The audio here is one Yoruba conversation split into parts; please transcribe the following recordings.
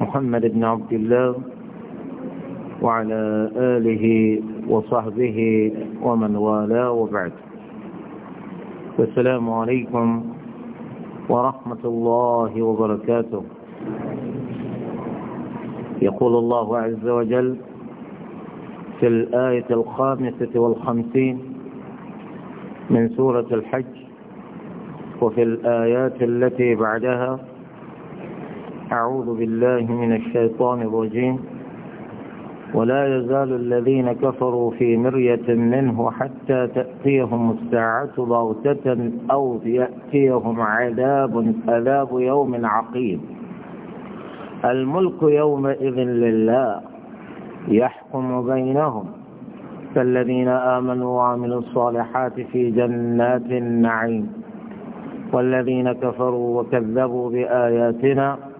محمد بن عبد الله وعلى آله وصحبه ومن والاه وبعد السلام عليكم ورحمة الله وبركاته يقول الله عز وجل في الآية الخامسة والخمسين من سورة الحج وفي الآيات التي بعدها أعوذ بالله من الشيطان الرجيم ولا يزال الذين كفروا في مرية منه حتى تأتيهم الساعة بغتة أو يأتيهم عذاب عذاب يوم عقيم الملك يومئذ لله يحكم بينهم فالذين آمنوا وعملوا الصالحات في جنات النعيم والذين كفروا وكذبوا بآياتنا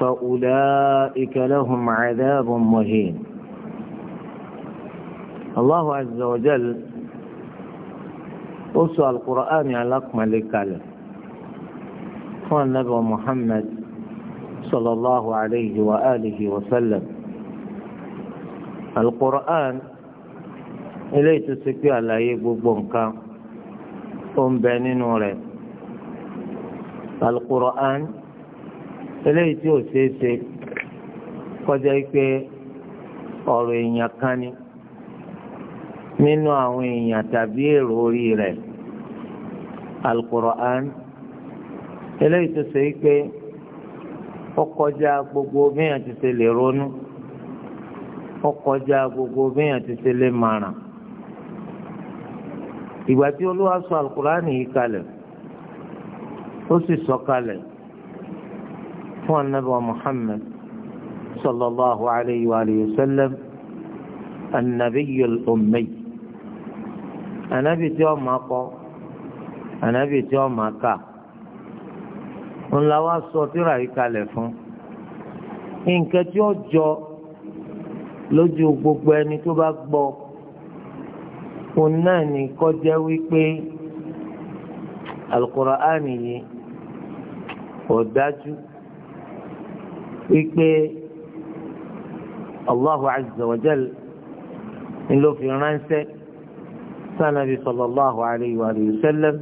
فأولئك لهم عذاب مهين الله عز وجل أسوى القرآن على أكمل كلام قال النبي محمد صلى الله عليه وآله وسلم القرآن إليه تسكي على يبوبون كام أم بنين القرآن eléyìí tí ò ṣeé kọjá pé ọ̀rọ̀ èèyàn kan ni nínú àwọn èèyàn tàbí èrò orí rẹ̀ alukur'an eléyìí tó ṣe pé ó gbogbo ti ṣe lè ronú ó kọjá gbogbo ti ṣe lè màràn ìgbà tí olúwa sọ alukur'an yìí kalẹ̀ fún anábọ̀ Muhammad sallallahu alayhi wa sallam annabiyul ummi anabi tí ó máa kọ anabi tí ó máa kà ńlá wa sọ tírà yìí kalẹ̀ fún nǹkan tí ó jọ lójú gbogbo ẹni tó bá gbọ́ òun náà ní kọjá wípé alukóra ánìyí ò wípé allahu azza wa jal ń ló fi ránṣẹ́ sanabi sallallahu alayhi wa sallam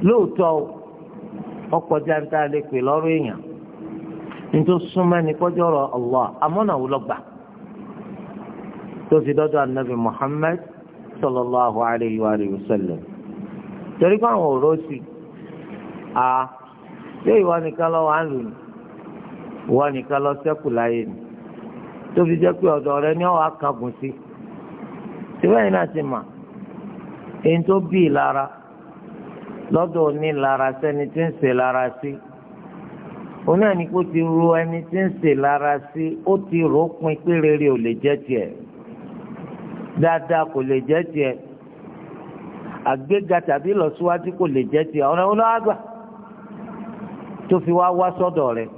lóòótọ́ ọkọ̀ jáde alẹ́ pè lọ́rọ̀ èèyàn nítorí súnmọ́ ní kọjọ́rọ̀ allah amọ́nàwó lọ́gbà tó fi dọ́dọ̀ anabi muhammad sallallahu alayhi wa sallam torí pé àwọn òró sí a yóò wá nìkan lọ́wọ́ àlùyìn wọ́n nìkan lọ sẹ́kù láyé ni tó jẹ́ pé ọ̀dọ̀ rẹ ni ọ̀ wá kagùn sí síbẹ̀yìn náà ti mà èyí tó bí ìlara lọ́dọ̀ òní lára sẹ́ni tí ń ṣe lára sí òun náà ni kó ti ro ẹni tí ń ṣe lára sí ó ti rò ó pin pé rere ò lè jẹ́ tiẹ̀ dáadáa kò lè jẹ́ tiẹ̀ àgbéga tàbí ìlọsíwájú kò lè jẹ́ tiẹ̀ ọ̀rẹ́ wọn lọ́wọ́ àgbà tó fi wá wá sọ́dọ̀ rẹ̀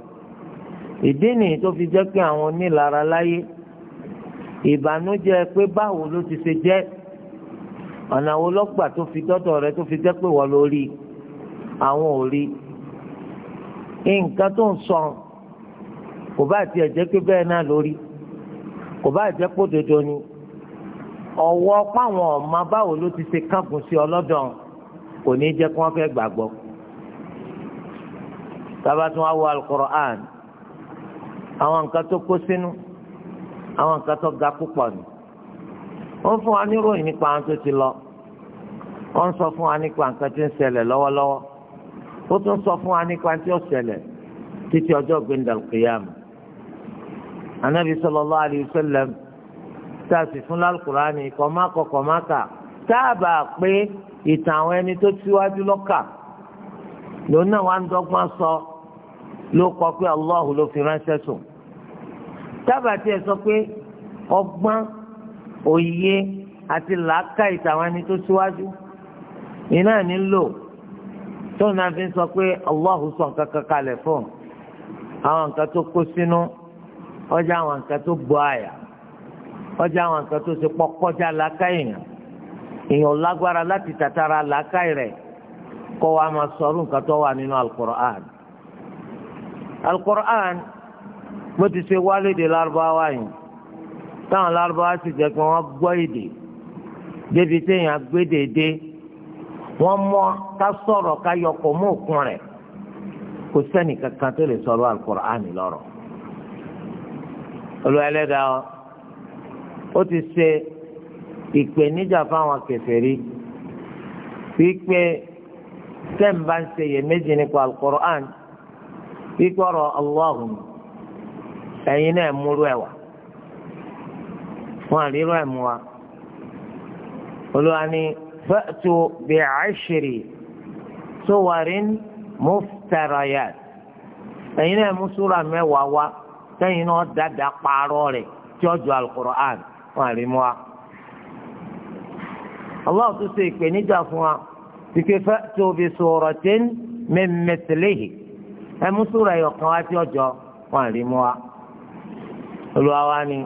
ìdí nìyí tó fi jẹ́ pé àwọn onílara láyé ìbànújẹ́ pé báwo ló ti ṣe jẹ́ ọ̀nà wo lọ́gbà tó fi dọ́dọ̀ rẹ tó fi jẹ́ pé wọ́n ló rí àwọn ò rí nǹkan tó ń sọ kò bá tiẹ̀ jẹ́ pé bẹ́ẹ̀ náà ló rí kò bá jẹ́ pé òdodo ni ọ̀wọ́ páwọn ọ̀ma báwo ló ti ṣe kángun sí ọlọ́dọ̀ kò ní jẹ́ kí wọ́n fẹ́ gbàgbọ́. tábàtún wá wo al àwọn nǹkan tó kó sínú àwọn nǹkan tó ga púpọ̀ ni wọ́n fún wa níròyìn nípa àwọn tó ti lọ wọ́n sọ fún wa nípa nǹkan tí ń ṣẹlẹ̀ lọ́wọ́lọ́wọ́ ó tún sọ fún wa nípa tí ó ṣẹlẹ̀ títí ọjọ́ gbẹndàlùkìyàm anabi sallallahu alayhi wa sallam tá a sì fún lálùkùránì kọmákọ kọmáka tá pé ìtàn àwọn ẹni tó síwájú lọ́kà lòun náà ń dọ́gbọ́n sọ ló kọ pé Allahu ló fi ránṣẹ́ sùn tábà tiẹ̀ sọ pé ọgbọ́n òye àti làákàyè tàwọn ẹni tó síwájú iná ní lò tóun náà fi sọ pé Allahu sọ nǹkan kan kalẹ̀ fún àwọn nǹkan tó kó sínú ọjà àwọn nǹkan tó bọ àyà ọjà àwọn nǹkan tó ṣe pọ̀ kọjá làákàyè yẹn èèyàn lágbára láti tàtàrà làákàyè rẹ̀ kọ́ wa máa sọ̀rọ̀ nǹkan tó wà nínú Al-Qur'an Al-Qur'an bó ti ṣe wá lédè lárúbáwá yìí táwọn lárúbáwá sì jẹ́ pé wọ́n gbọ́ èdè débi téèyàn gbédèdé wọ́n mọ̀ ká sọ̀rọ̀ ká yọkọ̀ mọ́ òkun rẹ̀ kò sẹ́ni kankan tó lè sọ̀rọ̀ alukur'ani lọ́rọ̀ olú ẹlẹ́dàá ó ti ṣe ìpèníjà fáwọn kèfèrí wípé tẹ́ǹbà ń ṣe iyèméjì nípa alukur'an wípé ọ̀rọ̀ Allahu ẹ̀yin náà múrú ẹ̀ wá wọn àríró ẹ̀ mú wa olúwa ni fẹ́ẹ̀tù bí àṣírí sówárín muftarayat ẹ̀yin náà mú súra mẹ́wàá wá sẹ́yìn náà dáadáa pààrọ̀ rẹ̀ tí ó ju alukur'an wọn àrímú wa. Allah tún ṣe ìpèníjà fún wa wípé fẹ́ẹ̀tù bí suratin min mithlihi ẹ̀ mú súra wá tí ó jọ wọn àrímú wa olúwa wa ni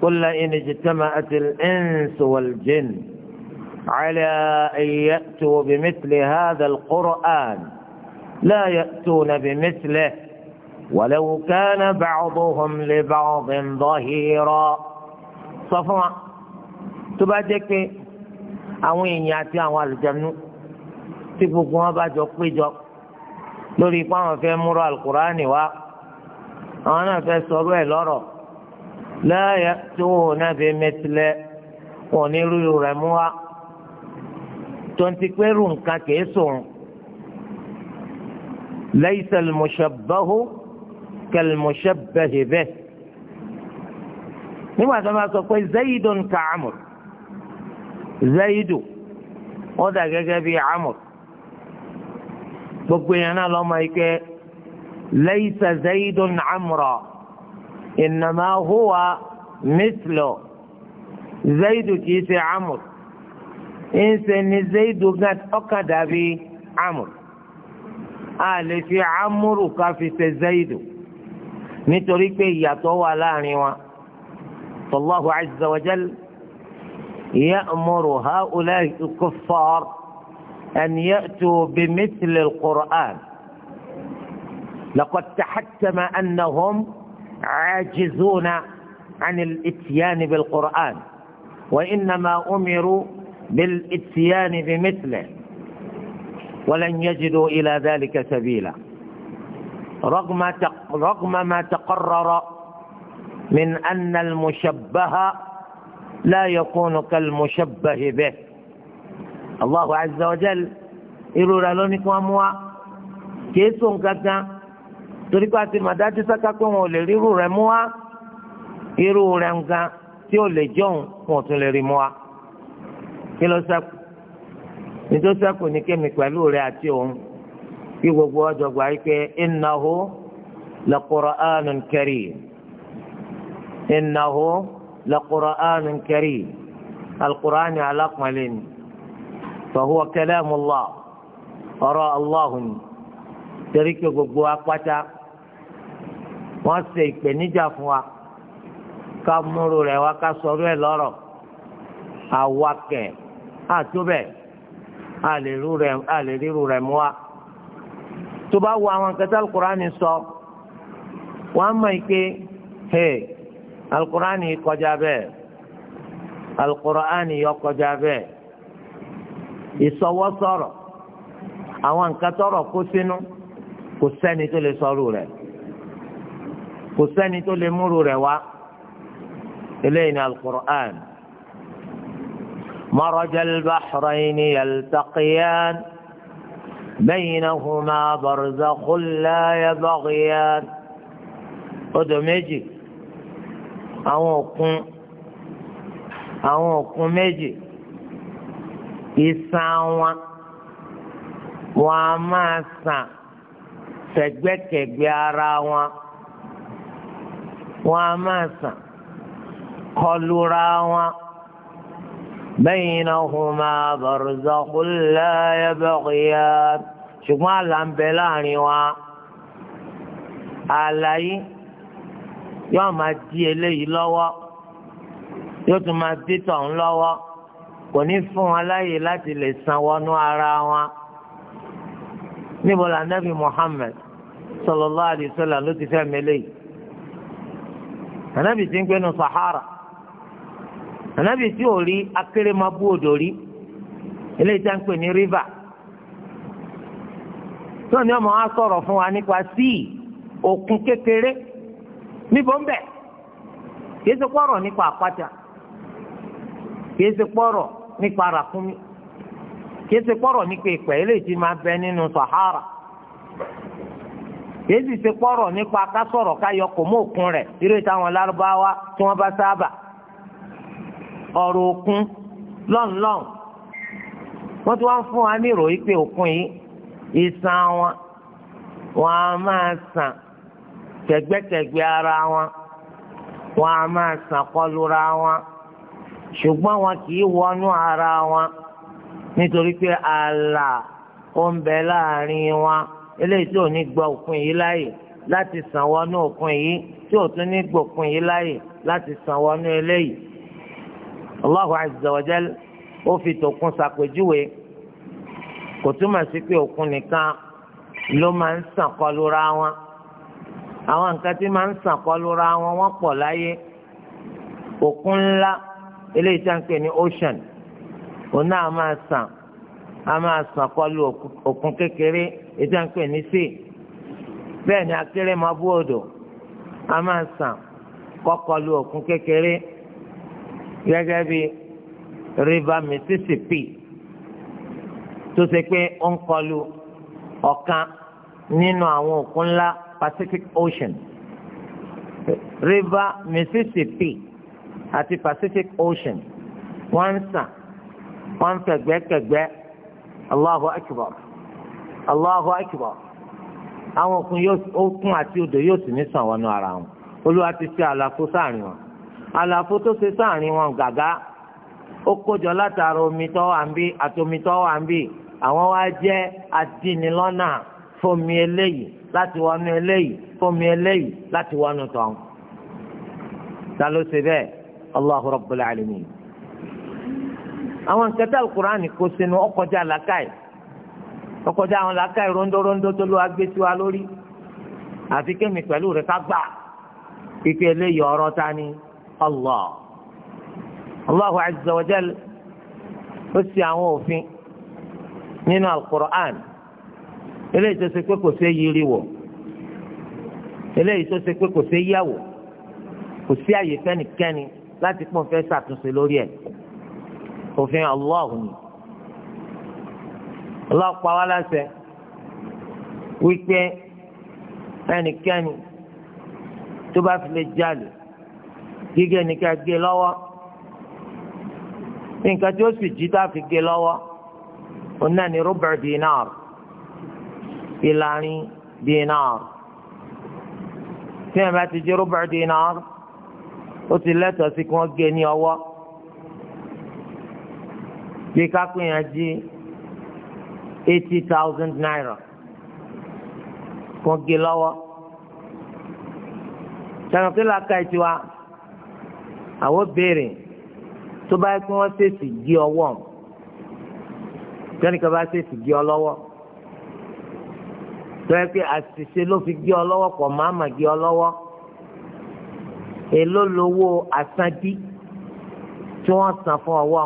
kúlẹ̀ ẹni jìtẹ́mà àti ẹ̀ǹsì wàlìjìn àlẹ́ ẹ̀yẹ tó bìmítìlẹ̀ hàdà kúrọ̀án láàyè tó nà bìmítìlẹ̀ wàlẹ́wò kánà bàcdó homlé bàcdó ndọ́hìírọ̀ sọ fún wa tó bá jẹ́ pé àwọn èèyàn àti àwọn àlùjánu tí gbogbo wọn bá jọ péjọ lórí ipá wọn fẹ́ múra alukur'ani wa àwọn náà fẹ́ sọ̀rọ̀ ẹ̀ lọ́rọ̀ láàyè tó wò náà fi mẹtìlẹ wọn ní rírù rẹ mú wa tonti pẹ́rù nǹkan kìí sùn laysa al-mushabbahu kal-mushabbahi bihi nígbà tó bá sọ pé zayidun ka amur zayidu ó dà gẹ́gẹ́ bí amur gbogbo yẹn náà lọ́mọ ike laysa zayidun amura. إنما هو مثل زيد كيس عمرو إنسى إن زيد قد أكد في عمرو آل آه، في عمرو كافي زيد نتريك يتوى لاني فالله عز وجل يأمر هؤلاء الكفار أن يأتوا بمثل القرآن لقد تحتم أنهم عاجزون عن الاتيان بالقرآن وإنما أمروا بالاتيان بمثله ولن يجدوا إلى ذلك سبيلا رغم رغم ما تقرر من أن المشبه لا يكون كالمشبه به الله عز وجل يقول لهم كيسون torí pé a ti mà dájú sáká pé wọn ò lè ríru rẹ̀ mú wa irú rẹ̀ nǹkan tí ò lè jọ̀hún wọn ò tún lè rí mú wa kí ló ṣẹ́kù nítorí ṣẹ́kù ní kémi pẹ̀lú rẹ̀ àti òun kí gbogbo ọjọ́ gbà yí pé innahu la Qur'anun karim innahu la Qur'anun karim al-Qur'an alákùnrin ni fa huwa kalamullah ni torí gbogbo apáta wọ́n ṣe ìpèníjà fún wa ká múru rẹ̀ wá ká sọ̀rọ̀ ẹ̀ lọ́rọ̀ àwakẹ̀ àtúbẹ̀ àlè ríru rẹ̀ mú wa. tó bá wo àwọn kẹtẹ alukurani sọ wọ́n mọ̀ ike hey alukurani kọjá bẹ́ẹ̀ alukurani yọ kọjá bẹ́ẹ̀ ìsọwọ́sọ̀rọ̀ àwọn nǹkan tọrọ kó sínú kò sẹ́ni tó lè sọ̀rọ̀ rẹ̀. kò sẹ́ni tó lè múrù rẹ̀ wá eléyìí ní alukur'an yìí ni marajal bahrayni yaltaqiyan baynahuma barzakhun la yabghiyan odò méjì àwọn òkun àwọn òkun méjì ìsàn wọn wọn a máa sàn sẹ̀gbẹ́kẹ̀gbẹ́ ara wọn. wọn a máa sàn kọlura wọn baynahuma barzakhun la yabghiyan ṣùgbọ́n àlà ń bẹ láàrin wa Ala yóò máa di eléyìí lọ́wọ́ yóò tún máa di tọ̀hún lọ́wọ́ kò ní fún wọn láàyè láti lè san wọnú ara wọn. níbo la nabi Muhammad sallallahu alaihi ló ti fẹ́ mi léyìí. ànábì tí ń gbé sahara ànábì tí ò rí akérèmabú odò rí eléyìí tá ń pè ní river ọmọ wa sọrọ fún wa nípa síì òkun kékeré níbo ń kìí ṣe nípa àpáta kìí ṣe nípa ràkúnmí kìí ṣe nípa ìpẹ́ eléyìí tí máa bẹ nínú sahara. kìí sì ṣe pọ́rọ̀ nípa ká sọ̀rọ̀ kò mú òkun rẹ irú ìtàwọn lárúbáwá tí wọn bá sábà ọ̀rọ̀ òkun lọ́nlọ́n wọ́n ti wá fún wa ní ìròyìn pé òkun yìí ìsàn wọn wọn a máa sàn kẹ̀gbẹ́kẹ̀gbẹ́ ara wọn wọn a máa sàn kọlura wọn ṣùgbọ́n wọn kìí wọnú ara wọn nítorí pé ala ó ń bẹ láàrin wọn. eléyìí tí ò ní gba òkun yìí láàyè láti sàn wọnú òkun yìí tí ò tún ní gbòkun yìí láàyè láti sàn wọnú eléyìí. Allahu azza wa jal ó fi tòkun ṣàpèjúwe kò túmọ̀ sí pé òkun nìkan ló máa ń sàn kọlura wọn àwọn nǹkan tí máa ń sàn kọlura wọn wọ́n pọ̀ láyé òkun ńlá eléyìí tá à ń pè ní ocean òun náà máa sàn á máa sàn kọlu òkun kékeré ètò à ń pè ní sí bẹ́ẹ̀ ni akéré máa bú odò a máa sàn kọ́kọ́lu òkun kékeré gẹ́gẹ́ bí river Mississippi tó ṣe pé ó ń kọlu ọ̀kan nínú àwọn òkun ńlá Pacific Ocean river Mississippi àti Pacific Ocean wọ́n ń sàn wọ́n ń fẹ̀gbẹ́kẹ̀gbẹ́ Allahu Akbar. Allahu akbar àwọn òkun òkun àti odò yóò sì ní sàn wọnú ara wọn olúwa ti ṣe àlàfo sáàrin wọn àlàfo tó ṣe sáàrin wọn gàgá ó kójọ látara omi tó wà ń bí àti omi tó wà ń bí àwọn wá jẹ́ adínilọ́nà fómi eléyìí láti wọnú eléyìí fómi eléyìí láti wọnú tán ta ló ṣe bẹ́ẹ̀ Allahu Rabbul Alamin àwọn nkẹtẹ alukuraani kò sínú ọkọjá làkàyè ọkọjá àwọn làákà ìrondórondó tó ló wá gbé sí wa lórí àfi kémi pẹ̀lú rẹ̀ ká gbà kíkẹ́ eléyìí ọ̀rọ̀ ta ni Allah Allahu azza wa jal ó sì àwọn òfin nínú al-Qur'an eléyìí tó ṣe pé kò sí yiri wò eléyìí tó ṣe pé kò sí yàwò kò sí àyè fẹ́nikẹ́ni láti pọ̀ fẹ́ ṣàtúnṣe lórí ẹ̀ òfin Allah ni ọlọ́pàá wa láṣẹ wípé ẹnikẹ́ni tó bá fi lè jalè gígé ni ká gé lọ́wọ́ nǹkan tí ó sì jí tá a fi gé lọ́wọ́ òun náà ni rúbà dinar ìlàrin dinar tí wọn bá ti jí rúbà dinar ó ti lẹ́tọ̀ọ́ sí kí wọ́n gé ní ọwọ́ bí kápẹ́yìn ajé eighty thousand naira wọ́n gé lọ́wọ́ sẹ́wọ̀n kí lóò ka ẹ̀ tiwa àwọn béèrè tó bá yẹ kí wọ́n ṣèṣì gé ọwọ́ tẹ́nìkan bá ṣèṣì gé ọ lọ́wọ́ tó yẹ pé àṣìṣe ló fi gé ọ lọ́wọ́ pọ̀ máàmà gé ọ lọ́wọ́ èló lowó àsandí tí wọ́n san fún ọwọ́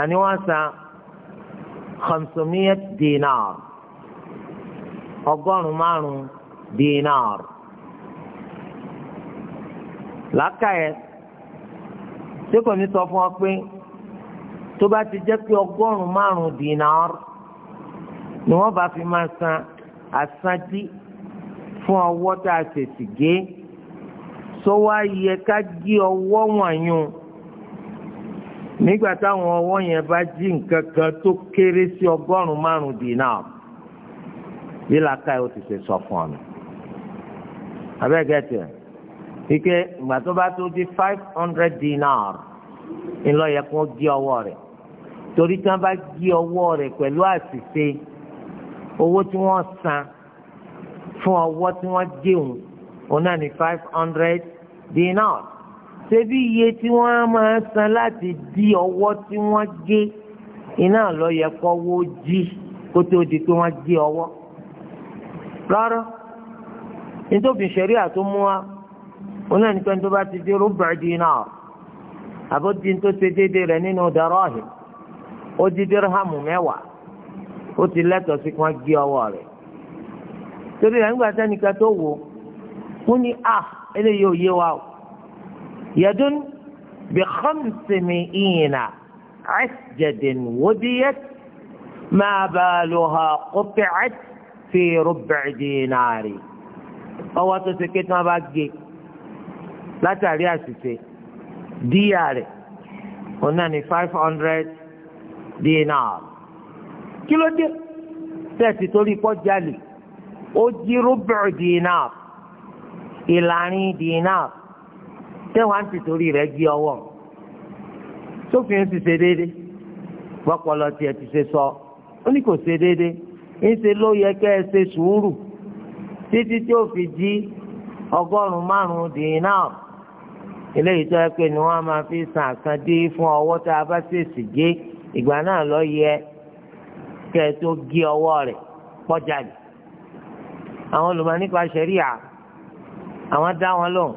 àní wọ́n san. خمسمية دينار ọgọ́rùn márùn دينار làákàyè tí kò ní sọ fún ọ pé tó bá ti jẹ́ pé ọgọ́rùn márùn dinar ni wọ́n bá fi máa san àsandí fún ọwọ́ tá a ṣèṣì gé sọ wá yẹ ká gé ọwọ́ wọ̀nyún nígbà táwọn ọwọ́ yẹn bá jí nǹkan kan tó kéré sí ọgọ́rùn-ún márùn-ún dínà bí làákàyè ó ti ṣe sọ fún ọ̀nà abẹ́gẹ́tì ike ìgbà tó bá tó di five hundred dinar ńlọ yẹ kó gé ọwọ́ rẹ̀ torí tí wọ́n bá gé ọwọ́ rẹ̀ pẹ̀lú àṣìṣe owó tí wọ́n san fún ọwọ́ tí wọ́n géun òun náà ní five hundred dinar. ṣebí iye tí wọ́n á máa san láti di ọwọ́ tí wọ́n gé iná lọ yẹ wo jí kó tó di pé wọ́n gé ọwọ́ rárá nítòfin ṣẹ̀rí wọn náà tó bá ti dé rúbà dinar àbójútó tó ṣe déédéé rẹ̀ nínú dàráhìm ó di dírhàmù mẹ́wàá ó ti lẹ́tọ̀ọ́ sí kí wọ́n gé ọwọ́ rẹ̀ torí rẹ̀ nígbà tẹ́nìkan tó wò ó ah, يد بخمسمائين عسجد وديت ما بالها قطعت في ربع دينار ọwọ́ tó ti ké tí wọ́n bá gé látàrí àṣìṣe díyà rẹ̀ òun náà ní five hundred dinar kí ló dé tẹ̀sí torí pọ́jálì ó jí rúbìrì dinar ìlàrin dinar tẹ́wọ̀n á ti torí rẹ̀ gé ọwọ́ sófin ti ṣe déédé gbọ́pọlọ tiẹ̀ ti ṣe sọ ó ní kò ṣe déédé ńṣe ló yẹ kẹ́ ẹ ṣe sùúrù títí tí ó fi jí ọgọ́rùn-ún márùn-ún náà eléyìí ni wọ́n máa fi san àkàndé fún ọwọ́ tá a bá ṣèṣì gé ìgbà náà lọ yẹ kẹ́ ẹ tó gé ọwọ́ rẹ̀ pọ́jà àwọn olùmọ̀ nípa ṣẹ̀ríà àwọn wọn lóhùn.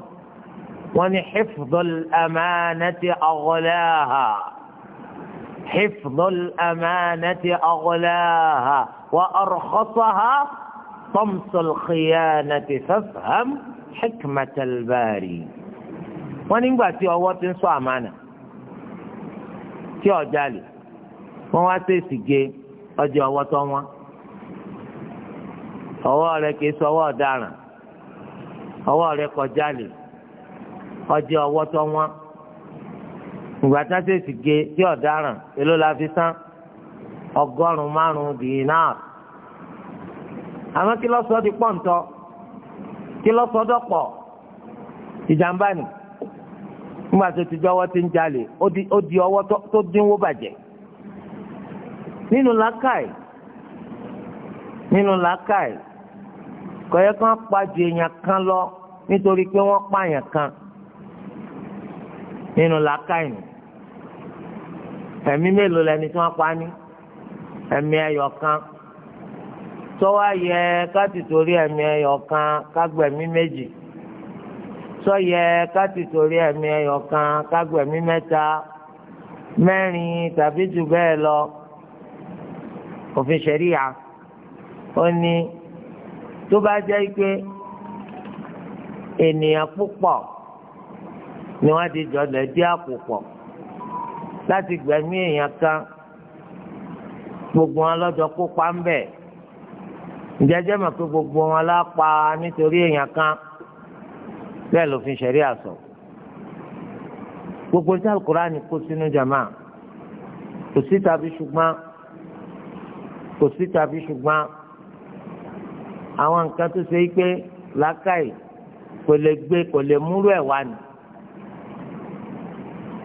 wọ́n ní hifdol amanati aghlaha hifdol amanati aghlaha wa arkhasaha tamsul khiyanati fafham hikmatal bari wọ́n nígbà tí ọwọ́ ti ń sọ àmàna tí ọjà lè wọ́n wá gé ọjà ọwọ́ tó wọ́n ọwọ́ kì í sọ ọwọ́ ọ̀daràn ọwọ́ rẹ̀ kọjá ọjọ́ ọwọ́ tó wọ́n ìgbà tá a ṣe sì gé tí ọ̀daràn èló la fi san ọgọ́rùn-ún márùn-ún dìínàr àmọ́ kí lọ́sọ̀ọ́ di pọ́ǹtọ́ kí lọ́sọ̀ọ́ dọ̀pọ̀ ìjàmbá ni nígbà tó ti jọwọ́ ti ń jalè ó di ọwọ́ tó dínwó bàjẹ́ nínú làákàyè nínú làákàyè kọ̀yẹ́ kan pa ju èèyàn kan lọ nítorí pé wọ́n pààyàn kan nínú làákàyìn ẹ̀mí mélòó lẹni tí wọ́n pa ní ẹ̀mí ẹyọ kan sọ́wọ́ yẹ káti torí ẹ̀mí ẹyọ kan kágbẹ̀mí méjì sọ yẹ káti torí ẹ̀mí ẹyọ kan kágbẹ̀mí mẹ́ta mẹ́rin tàbí jù bẹ́ẹ̀ lọ òfin ṣẹ̀ríyà ó ní tó bá jẹ́ pé ènìyàn púpọ̀ ni wọ́n ti jọ lẹ̀ dí àpò pọ̀ láti gbẹ̀mí èèyàn kan gbogbo wọn lọ́jọ́ kópa ń bẹ̀ ìjẹ́jẹ́ mọ̀ pé gbogbo wọn lá pa nítorí èèyàn kan bẹ́ẹ̀ lófin ṣẹ̀rí àsọ gbogbo tí Al-Kùránì kó sínú jàmá kò sí tàbí ṣùgbọ́n kò sí tàbí ṣùgbọ́n àwọn nǹkan tó ṣe é pé làákàyè kò lè gbé kò lè múrú ẹ̀ wá ni.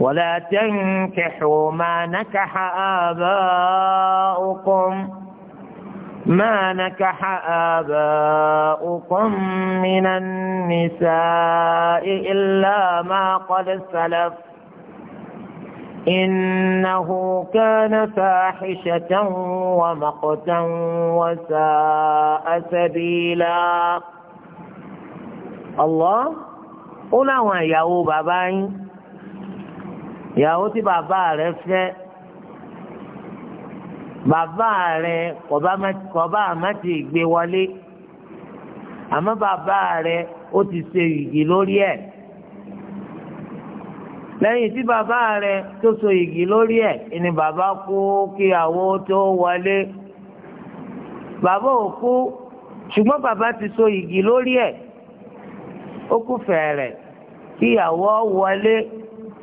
ولا تنكحوا ما نكح آباؤكم ما نكح آباؤكم من النساء إلا ما قد سلف إنه كان فاحشة ومقتا وساء سبيلا الله قل ويا بابا ìyàwó tí bàbá rẹ̀ fẹ́ bàbá rẹ̀ kọba àmọ́ ti gbé wọlé àmọ́ bàbá rẹ̀ ó ti ṣe igi lórí ẹ̀ lẹ́yìn tí bàbá rẹ̀ tó so igi lórí ẹ̀ ni bàbá kú kí tó wọlé bàbá ò kú ṣùgbọ́n bàbá ti so igi lórí ẹ̀ ó kú fẹ̀rẹ̀ kí ìyàwó wọlé.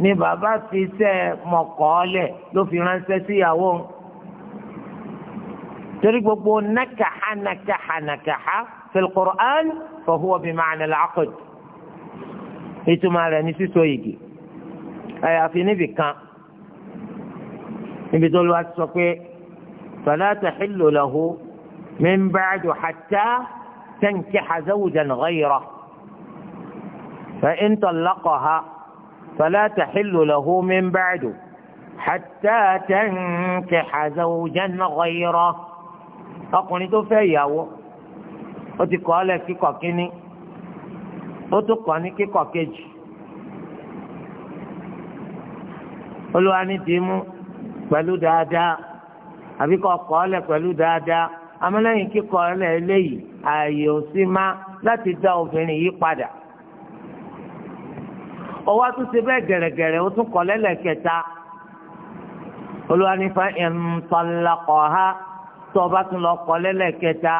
ni bàbá fi iṣẹ́ mọ̀kọ́ọ́lẹ̀ ló fi ránṣẹ́ síyàwó ń torí gbogbo nakaha nakaha nakaha fil Qur'an fa huwa bi ma'na al-'aqd ìtumọ̀ rẹ̀ ní sísọ yìí àyàfi níbi kan níbi tó lọ́wọ́ ti sọ pé fala tahillu lahu min hàtà hatta tankiha zawjan ghayrahu fa in ha. فلا تحل له من بعده حتى تنكح زوجا غيره ọkùnrin tó fẹ́ ìyàwó ó ti kọ́ ọ́lẹ̀ kíkọ̀ kínní ó tún kọ́ ní kíkọ̀ kejì olúwa ní tìmú pẹ̀lú dáadáa àbí kọ́ kọ́ ọ́lẹ̀ pẹ̀lú dáadáa amúnáyìn kíkọ̀ ọ́lẹ̀ eléyìí ààyè ò sí má láti dá obìnrin yìí padà ọwọ́ tún ṣe bẹ́ẹ̀ gẹ̀rẹ́gẹ̀rẹ́ ó tún kọ́ lẹ́lẹ́kẹta olùwànífà ìntàlákọ̀ọ́há tó ọba tún lọ kọ́ lẹ́lẹ́kẹta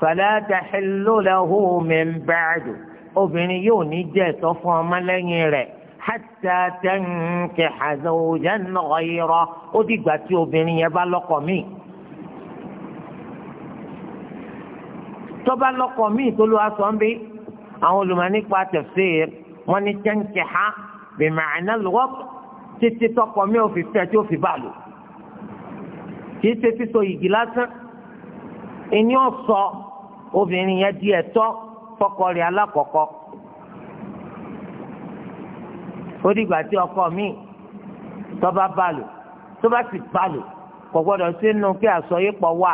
fàlàtà ìlúlẹ̀hù mẹ́mbàdù obìnrin yóò ní jẹ́ ẹ̀tọ́ fún ọmọ lẹ́yìn rẹ̀ hàtà tẹ̀ǹkì àzọ̀wòjẹ́ nọ̀ọ́yìrọ̀ ó dìgbà tí obìnrin yẹn bá lọ́kọ míì. tó bá lọ́kọ míì tó ló àwọn olùmọ̀ nípa tafsir wọ́n ní tẹ́ǹkì ha bìmọ̀ọ́nà lọ́wọ́ títí tọkọ mi ò fi fẹ́ tí ó fi bá lò kì í ṣe sísọ ìgì lásán ẹni ò sọ obìnrin yẹn di ẹ̀tọ́ fọkọ rẹ̀ alákọ̀ọ́kọ́ ó dìgbà tí ọkọ mi tó bá lò tó sì bá lò kò gbọdọ̀ sínú kí àsọyípọ̀ wà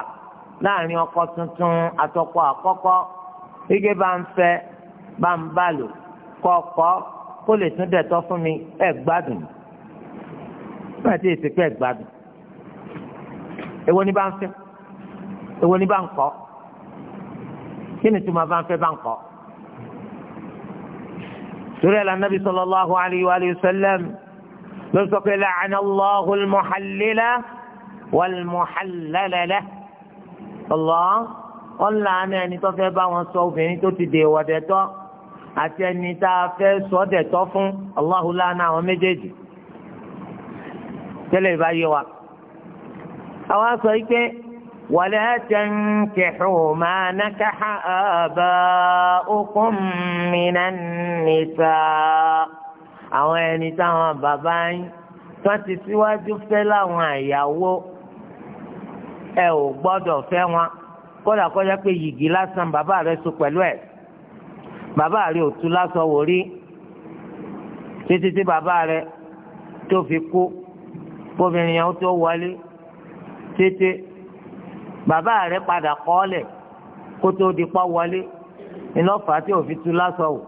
láàrin ọkọ tuntun àtọkọ àkọ́kọ́ gbígbé bá ń fẹ́ bá ń bá lò kọ́ ọkọ́ kó lè tún dẹ̀tọ́ fún mi ẹ̀ gbádùn nígbà tí èsì pé ẹ̀ gbádùn èwo ni bá ń fẹ́ èwo ni bá ń kọ́ kí ni túmọ̀ bá ń fẹ́ bá ń kọ́ torí ẹ̀ la Nabi sallallahu alayhi wa sallam ló sọ pé la'ana Allahu al-muhallila wal-muhallala lahu ẹni tó fẹ́ bá wọn sọ obìnrin tó ti dè wọ̀dẹ̀ tọ́. àti ẹni tá a fẹ́ sọ́dẹ̀ tọ́ fún Allahu náà àwọn méjèèjì tẹ́lẹ̀ bá yé wa. àwọn sọ yìí pé wàlẹ́ tẹ̀ǹkẹ̀xù máa nàkàḥà àbá okùn mìíràn nìta. àwọn ẹni táwọn bàbá yín tó ti síwájú fẹ́ láwọn àyàwó ẹ ò gbọ́dọ̀ fẹ́ wọn kódà kọjá pé yìgì lásán bàbá rẹ so pẹ̀lú ẹ̀. bàbá rẹ ò tú lásán wò rí títí tí bàbá rẹ tó fi kú bóbìnrin yẹn tó wọlé títí bàbá rẹ padà kọ́ ọ́ lẹ̀ kó tó di pọ́ wọlé ìlọ́fà tí òfin tú lásán wò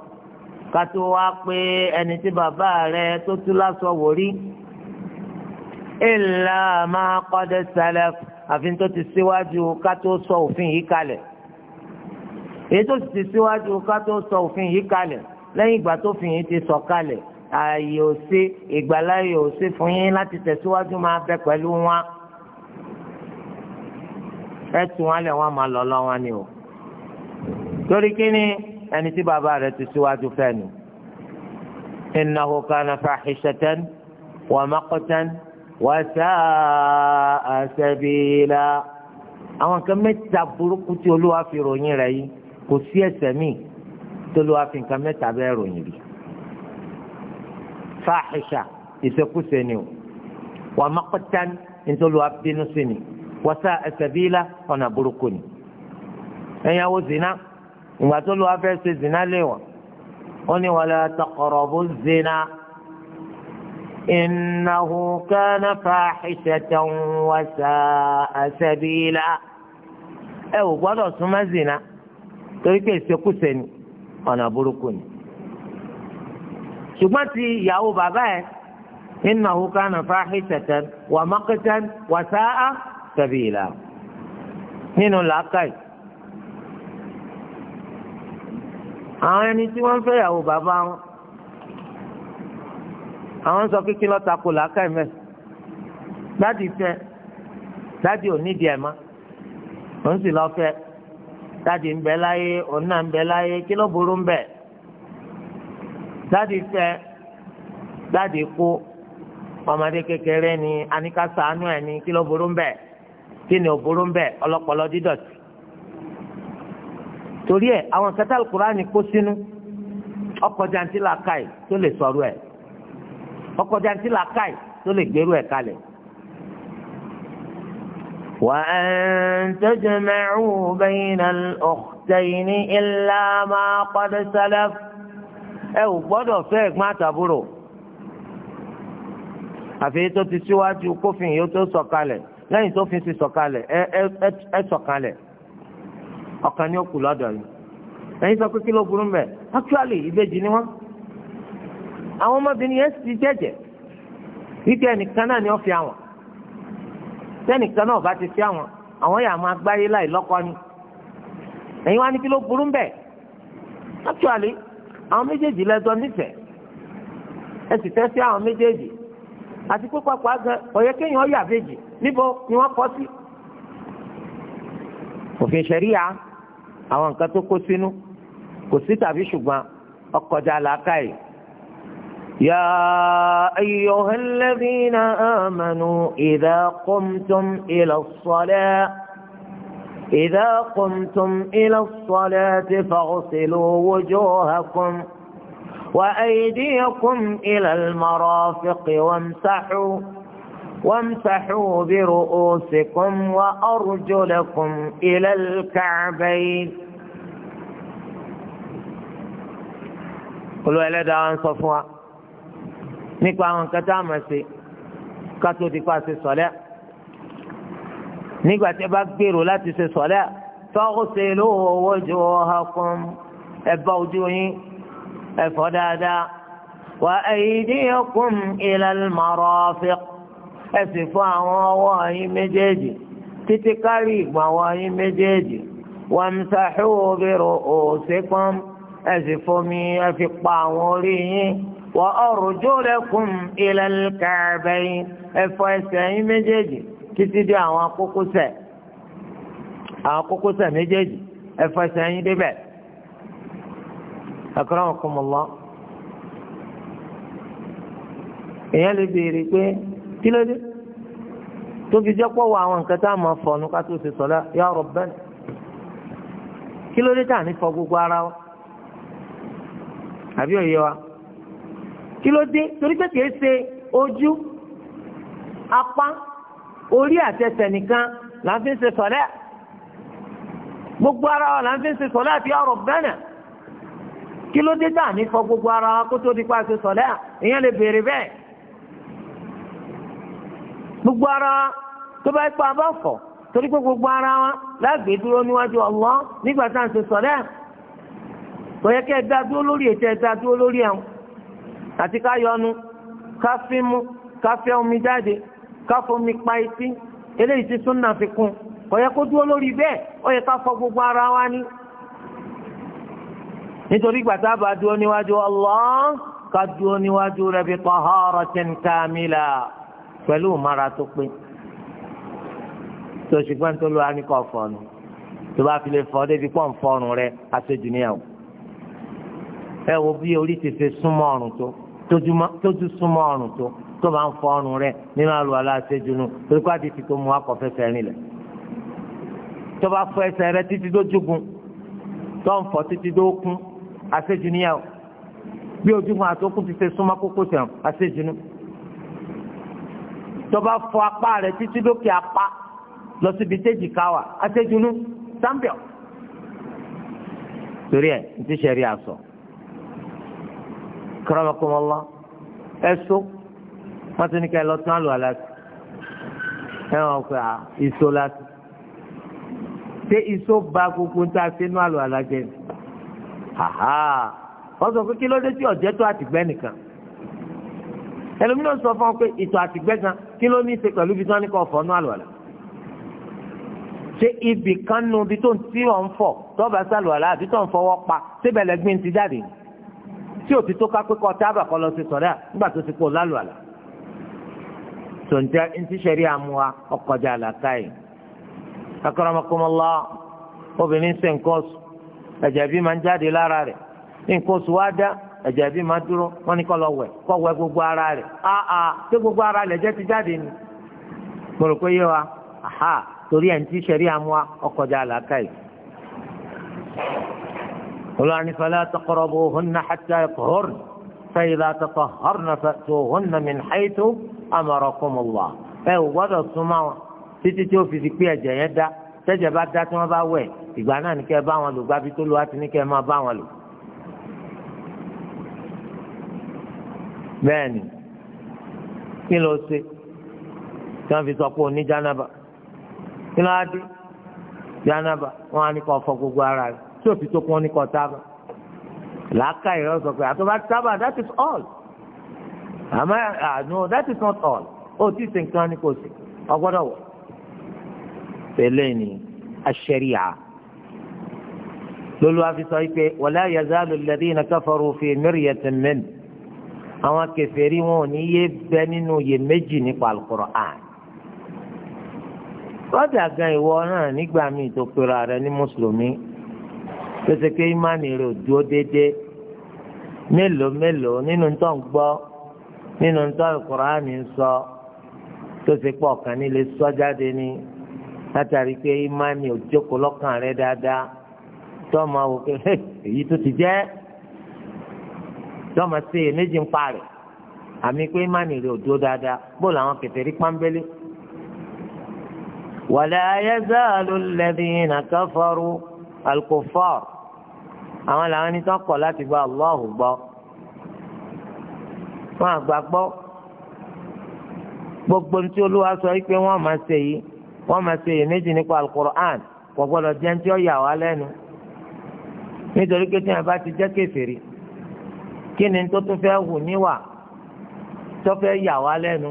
kátó wá pé ẹni tí bàbá rẹ tó tú lásọ wò rí ìlà máa kọ́dé sálẹ̀ àfi tó ti síwájú kátó sọ òfin yìí kalẹ̀ èyí tó sì ti síwájú ká tó sọ òfin yìí kalẹ̀ lẹ́yìn ìgbà tó fi yìí ti sọ kalẹ̀ ààyè ò sí ìgbàláyè ò sí fún yín láti tẹ̀síwájú máa bẹ pẹ̀lú wọn ẹ tún wọn lẹ wọn máa lọ lọ wọn ni o torí kíni ẹni tí bàbá rẹ̀ ti síwájú fẹ́ nu innahu kana fahishatan wa maqtan wa sa'a sabila àwọn kan mẹ́ta burúkú tí olúwa fi ròyìn rẹ̀ yìí kò sí ẹsẹ̀ míì tó ló wá fi nǹkan mẹ́ta bẹ́ẹ̀ ròyìn rí fáàhìṣà ìṣekúṣe ni o wà maqtan nítorí wàá bínú sí ni wà sá ẹsẹ̀ bíi la ọ̀nà burúkú ni ẹ̀yàwó zina ìgbà tó ló fẹ́ ṣe zina lé wọn ó ní wala taqrabu zina innahu kana fáàhìṣatan wa sa'a sabila ẹ ò gbọ́dọ̀ súnmọ́ torí pé ìṣekúṣe ni ọ̀nà burúkú ni. ṣùgbọ́n ti ìyàwó bàbá ẹ̀ innahu kana fahishatan wa maqtan wa sa'a sabila nínú làákàyè. àwọn ẹni tí wọ́n ń fẹ́ ìyàwó bàbá wọn àwọn sọ kíkí lọ́ta kò làákàyè mẹ́ dádì fẹ́ dádì ò nídìí ẹ̀ mọ́ òun sì lọ fẹ́ dáàdi ń bẹ láyé òun náà ń bẹ láyé kí ló burú ń bẹ dáàdi fẹ́ dáàdi kú ọmọdé kékeré ni aníkà ṣàánú ẹ kí ló burú ń bẹ kí ni ò burú ń bẹ ọlọpọlọ dídọ̀tí torí ẹ àwọn kẹtà alukurani kó sínú ọkọ jantila kai tó lè sọ̀rọ̀ ẹ ọkọ jantila kai tó lè gbèrú ẹ kalẹ̀ وأن تجمعوا بين الأختين إلا ما قد سلف ẹ ò gbọ́dọ̀ fẹ́ ẹ̀gbọ́n àtàbúrò àfi tó ti síwájú kófin yóò tó sọ̀kalẹ̀ ti sọ̀kalẹ̀ ẹ ẹ ẹ sọ̀kalẹ̀ sọ actually tẹ́nìkan náà bá ti fi àwọn àwọn yà máa gbáyé láì lọ́kọ ni ẹ̀yin wá ní kí ló burú ń bẹ̀ actually àwọn méjèèjì lẹ́jọ́ nífẹ̀ẹ́ ẹ sì fẹ́ sí àwọn méjèèjì àti pé papọ̀ gan ọ̀yẹ́ kéèyàn yà bèjì níbo ni wọ́n kọ́ sí. òfin ṣẹ̀ríya àwọn nǹkan tó kó sínú kò sí tàbí ṣùgbọ́n ọkọjà làákàyè يا أيها الذين آمنوا إذا قمتم إلى الصلاة إذا قمتم إلى الصلاة فاغسلوا وجوهكم وأيديكم إلى المرافق وامسحوا وامسحوا برؤوسكم وأرجلكم إلى الكعبين قلوا إلى دعوان صفوان nípa àwọn nǹkan tá a máa ṣe ká tó di pa ṣe sọ̀lẹ́ nígbà tí ẹ bá gbèrò láti ṣe sọ̀lẹ́ faghsilu wujuhakum ẹ bá ojú yín ẹ fọ̀ dáadáa wa aydiyakum ila al-marafiq ẹ sì fọ̀ àwọn ọwọ́ yín méjèèjì títí kárí ìgbọ̀nwọ́ yín méjèèjì wamsahu bi ru'usikum ẹ sì fọmi ẹ fi pa àwọn orí yín. wa ọrụ ila al-ka'bayn ẹfọ ẹsẹ̀ yín méjèèjì títí dé àwọn kókósẹ̀ àwọn kókósẹ̀ méjèèjì ẹfọ ẹsẹ̀ yín débẹ̀ akramakumullah èèyàn lè béèrè pé kí ló dé tóbi jẹ́ pọ̀ wọ àwọn nǹkan tá a kí ló dé torí pé kìí ṣe ojú apá orí àtẹsẹ̀ nìkan là ń fi ṣe sọ̀lẹ́ gbogbo ara wa là ń fi ṣe sọ̀lẹ́ àti ọ̀rọ̀ bẹ́ẹ̀nà kí ló dé dà ní fọ gbogbo ara wa kó tó di pa ṣe sọ̀lẹ́ ìyẹn lè béèrè bẹ́ẹ̀ gbogbo ara wa tó bá pa bá fọ̀ torí pé gbogbo ara wa lágbè dúró níwájú Allah nígbà tá à ń ṣe sọ̀lẹ́ kò yẹ kẹ́ ẹ dá dúró lórí ètò ẹ dá dúró lórí ẹ̀wọ̀n. àti ká yọnu ká omi jáde pa etí eléyìí kò kó dúró lórí bẹ́ẹ̀ gbogbo ara wa nítorí gbàtà bá dúró níwájú Allah ká dúró níwájú rẹ̀ bí taharatin kamila pẹ̀lú tó pé tó ṣùgbọ́n tó lọ́wọ́ tó bá fi lè fọ́ débi rẹ̀ ẹ wo tójú súnmọ́ ọrùn tó tó bá ń fọ ọrùn rẹ nínú àlù aláṣẹjùnú torí kó àdìsí tó mú akọ fẹsẹ̀ rìn lẹ̀ tó bá fọ ẹsẹ̀ rẹ títí dójúgun tó ń fọ títí dókun àṣẹjù níyàwó bí ojúgun àtọkùn ti ṣe súnmọ́ kókó sẹrùn àṣẹjùnú tó bá fọ apá rẹ títí dókè apá lọ síbi téjì káwà àṣẹjùnú sámbíọ torí ẹ ní ti ṣe rí àṣọ akramakumullah ẹ̀sùn wọ́n ti ní ká ẹ lọ tún àlọ́ àlàsì ẹ wọn fẹ́ à ìṣó láti ṣé ìṣó ba ها ń ta sínú àlọ́ àlàjẹ ni wọ́n sọ pé kí ló dé tí ọ̀jẹ́ tó àtìgbẹ́ nìkan ẹlòmíràn sọ fún ọ pé ìtọ̀ àtìgbẹ́ gan kí ló ní í ṣe pẹ̀lú ibi tí wọ́n ní kọ́ fọ́ nú àlọ́ àlà ṣé ibì kan nu ibi tó ń tí ọ̀ ń fọ̀ tọ́ba sálọ̀ àlà àbí tó ń fọwọ́ pa síbẹ̀ lẹ́gbẹ́ ń ti jáde ni. tí ò ti tó ká pé kọ́ tábà kọ́ lọ sí nígbà tó ti pò lálù àlà. sọ̀njẹ́ ntí sẹ́rí àmúwa ọkọjà àlàkà yìí. ejabima obìnrin ṣe nǹkan oṣù ẹ̀jẹ̀ bí máa ń jáde lára rẹ̀ nǹkan oṣù gbogbo ara rẹ̀ áá ṣé gbogbo ara rẹ̀ jẹ́ ti jáde ni. mo rò pé yé wa torí olùwàní fala taqrabuhunna hatta yatahharna fa idha tatahharna fa'tuhunna min haythu amarakumullah ẹ ò gbọ́dọ̀ súnmọ́ wọn títí tí ó fi di pé ẹ̀jẹ̀ yẹn dá tẹ́jẹ̀ bá dá tí wọ́n bá wẹ̀ ìgbà náà ní kẹ́ bá wọn lò gbábi tó lò wá ti ní kẹ́ máa bá wọn lò. bẹ́ẹ̀ni kí ló ṣe tí wọ́n fi sọ pé oní jánába kí ló á dé jánába wọ́n á ní kó fọ gbogbo ara rẹ̀ tí òfin tó kún ọ ní kọ tábà làákà ìrọ sọ pé àtọ́ba tábà that is all àmọ́ àánú that is not all ó ti ṣe nǹkan ní kò sí ọgbọ́dọ̀ wọ̀ tẹ́lẹ̀ ni aṣẹ́ríà lolu afisọ yìí pé wala yazalu alladhina kafaru fi miryatin min àwọn kèfèrí wọn ò ní yé bẹ nínú yè méjì nípa al gan ìwọ náà nígbà míì tó pera rẹ ní mùsùlùmí tó ṣe ìmánì rẹ̀ dúró déédéé mélòó mélòó nínú tó ń gbọ́ nínú tó al ń sọ tó ṣe pọ̀ kan nílé sọ jáde ní látàrí pé ìmánì ò lọ́kàn rẹ̀ dáadáa tó máa wò pé èyí tó ti jẹ́ tó máa ṣe èméjì ń parẹ́ àmì pé ìmánì rẹ̀ ò dúró dáadáa àwọn làwọn ẹni tó kọ̀ láti gba Allahu gbọ́ wọn àgbà gbọ́ gbogbo ntí olúwa sọ yìí pé wọ́n máa ṣe yìí wọ́n máa ṣe yìí méjì nípa alukur'an kò gbọ́dọ̀ jẹ́ ntí ó yà wá lẹ́nu nítorí pé tí wọn bá ti jẹ́ kèfèrí kí ni tó tún fẹ́ hù níwà tó fẹ́ yà wá lẹ́nu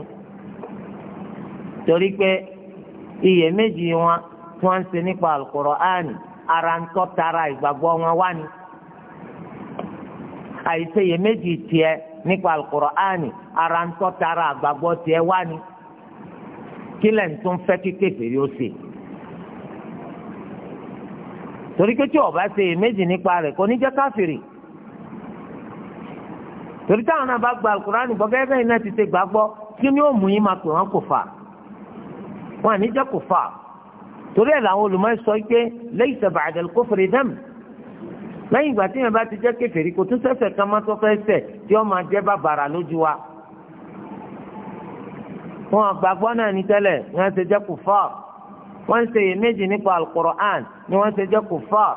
torí pé iyèméjì wọn tí wọ́n ń ṣe nípa alukur'an ara ń tọ́ tara ìgbàgbọ́ wọn wá ni àìṣeyèméjì tiẹ̀ nípa alukur'ani ara ń tọ́ tara àgbàgbọ́ tiẹ̀ wá ni kí lẹ́yìn tó ń fẹ́ kékeré fèrè ó sè torí pé tí ọba ṣe èméjì nípa rẹ̀ kò ní jẹ́ káfìrì torí táwọn náà bá gba alukur'ani gbọ́ gẹ́gẹ́ bẹ́ẹ̀ náà ti ṣe gbàgbọ́ kí ni ó mú máa pè wọ́n kò fà wọ́n à kò fà torí ẹ̀ làwọn olùmọ̀ sọ pé laysa ba'da al-kufri dam lẹ́yìn ìgbà tí yẹn bá ti jẹ́ kèfèrí kò tún sẹ́sẹ̀ kan má tó fẹ́ sẹ̀ tí ó máa jẹ́ bàbàrà lójú wa. wọn àgbàgbọ́ náà ní tẹ́lẹ̀ ni wọ́n ṣe jẹ́ kufar wọ́n ṣe iyèméjì nípa alukur'an ni wọ́n ṣe jẹ́ kufar.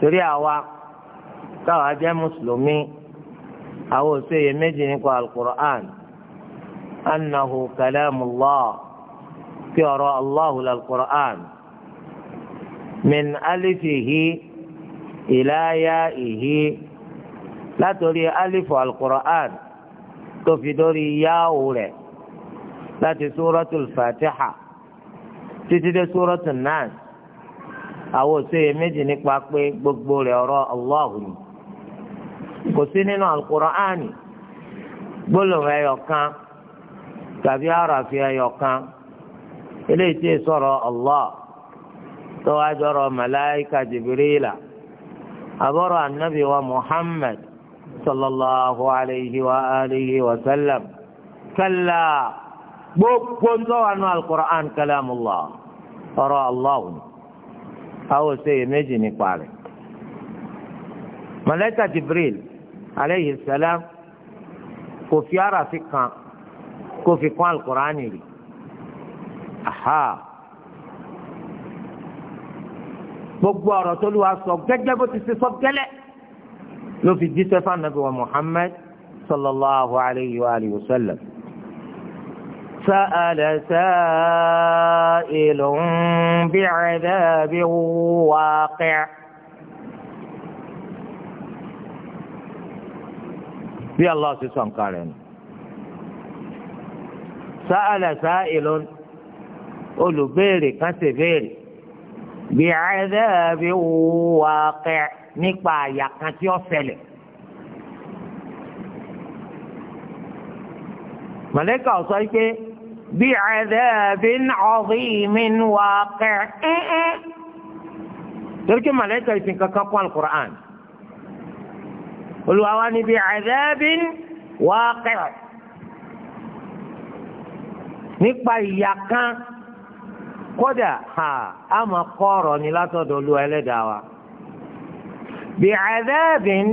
torí àwa táwa jẹ́ mùsùlùmí àwa ò ṣe iyèméjì nípa alukur'an annahu kalamullah kí ọ̀rọ̀ allahu lalukur'an. min alifihi ìláyà ìhí látòrí alifu alukur'an tó fi dórí yáwó rẹ̀ surat súratul fatiha títí surat súratul nas àwọn òṣèré méjì nípa pé gbogbo rẹ̀ ọ̀rọ̀ allahu ni kò sí nínú alukur'an gbólóhùn ẹyọ kan tàbí àràfi ẹyọ kan eléyìí tí ì sọ̀rọ̀ allah. tọ́wájọ́rọ̀ màláìka jìbìrìlà àbọ̀rọ̀ ànábì wa muhammad sallallahu alayhi wa alihi wa sallam kálá gbogbo ń tọ́wọ́ àánú alukur'an kalamullah ọ̀rọ̀ allahu àwọn òṣèyí méjì nípa rẹ̀ màláìka jìbìrìlà alayhi salam kò fi ara fi kan kò fi kún alukur'an rí aha. gbogbo ọ̀rọ̀ tó lù wá sọ gẹ́gẹ́ bó ti ṣe sọ gẹ́lẹ́ ló fi jíṣẹ́ nàbí wa muhammed sallallahu alayhi wa alihi wa sallam. سأل سائل بعذاب واقع bí Allah ṣe sọ nǹkan rẹ̀ nù. sa'ala sa'ilun olùbéèrè kan ṣe béèrè bí àdàbí waqi' nípa àyà kan tí ó ṣẹlẹ̀. màlẹ́kà ó sọ pé bí àdàbí azimin waqi' ẹ̀ẹ́ torí pé màlẹ́kà ìsìn kankan kún alukur'an olùwà wa ni bí àdàbí waqi' nípa ìyà kan kódà a máa kọ́ ọ̀rọ̀ ni látọ̀dọ̀ olú ẹlẹ́dàá wa. bí àdáàbìn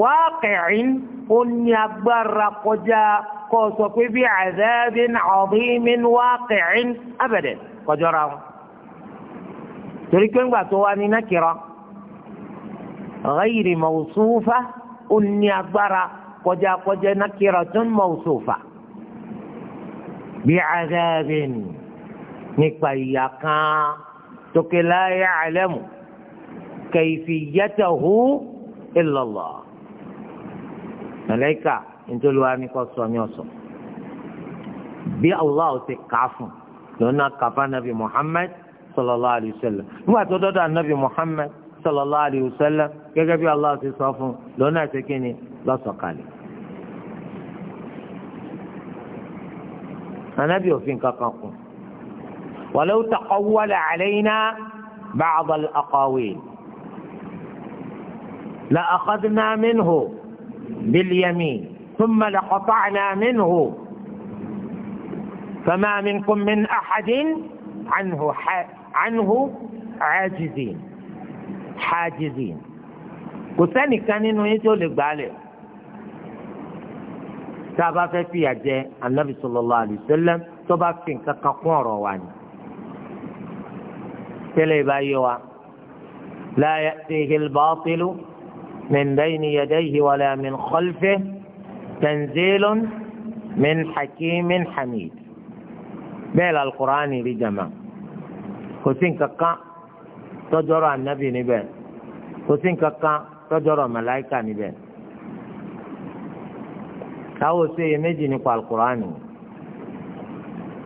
wákìrín ó ní agbára kọjá kó o sọ pé bí àdáàbìn ọ̀dínmín wákìrín abẹ̀dẹ̀ kọjọ́ra wọn. torí pé ńgbà tó wá ní nákìrọ ghayri mawsufa ó ní agbára kọjá kọjá nákìrọ tún mawsufa bí àdáàbìn nípa ìyà kan tókè la ya'lamu kayfiyatahu illa Allah mẹlẹ́kà ntòlúwa ni kò sọ ní ọ̀sọ̀ bí Allah ti kà á fún lọ́nà kàfá nàbì Muhammad sallallahu alayhi wa sallam nígbà tó dọ́dọ̀ ànábì Muhammad sallallahu alayhi gẹ́gẹ́ bí Allah ti sọ fún lọ́nà ìsèkínni lọ́sọ̀kalẹ̀. ànábì òfin kankan kún ولو تقول علينا بعض الأقاويل لأخذنا منه باليمين ثم لقطعنا منه فما منكم من أحد عنه عنه عاجزين حاجزين وثاني كان إنه يجول بالي تابع في النبي صلى الله عليه وسلم تابع في كقوان tẹ́lẹ̀ bá yé wa la ya'tihi al-batilu min bayni yadayhi wala min khalfihi tanzilun min hakimin hamid bẹ́ẹ̀ la al-Qur'ani rí jama kò sí nǹkan kan tọ́jọ́rọ̀ ànábì níbẹ̀ kò sí nǹkan kan tọ́jọ́rọ̀ màláìkà níbẹ̀ táwọn ṣe iye méjì nípa alukurani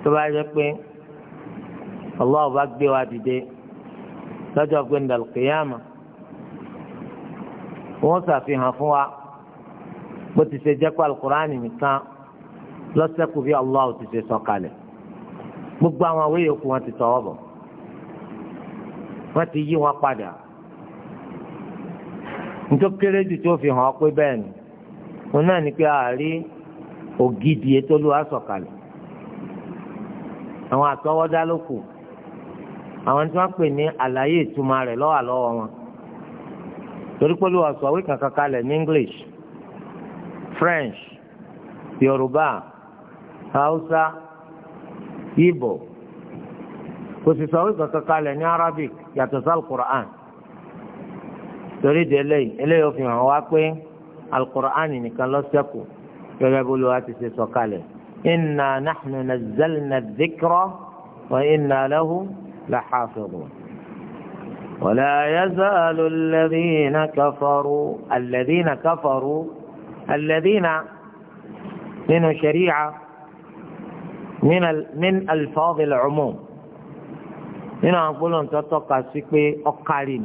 tó bá yẹ pé Allah bá gbé wa dìde lọ́jọ́ gbẹ̀ndàl kìyàmà wọ́n ṣàfihàn fún wa bó ti ṣe jẹ́ pé alukur'ani nìkan lọ́sẹ̀kù bí Allah ti ṣe sọ̀kalẹ̀ gbogbo àwọn àwọn èèyàn kù wọn ti tọwọ́ bọ̀ wọ́n ti yí wọn padà nítorí kéré jù tó fi hàn ọ́ pé bẹ́ẹ̀ ni òun náà ni pé àárí ògidì ètò olúwa àwọn àtọwọ́dá ló kù àwọn tí wọ́n pè ní àlàyé ìtumọ̀ rẹ̀ lọ́wọ́ lọ́wọ́ wọn torí pé olúwa sọ̀wé kankan kalẹ̀ ní English French Yorùbá Hausa Igbo kò sì sọ̀wé kankan kalẹ̀ ní Arabic yàtọ̀ sí alukur'an torí de eléyìí eléyìí ó fi hàn wá pé alukur'an nìkan ló ṣẹ́kù gẹ́gẹ́ bí olúwa ti ṣe sọ̀kalẹ̀ inna nahnu nazzalna dhikra wa inna lahu. لحافظون ولا يزال الذين كفروا الذين كفروا الذين من شريعة من من ألفاظ العموم من أقول أن تتوقع سكبي أقارين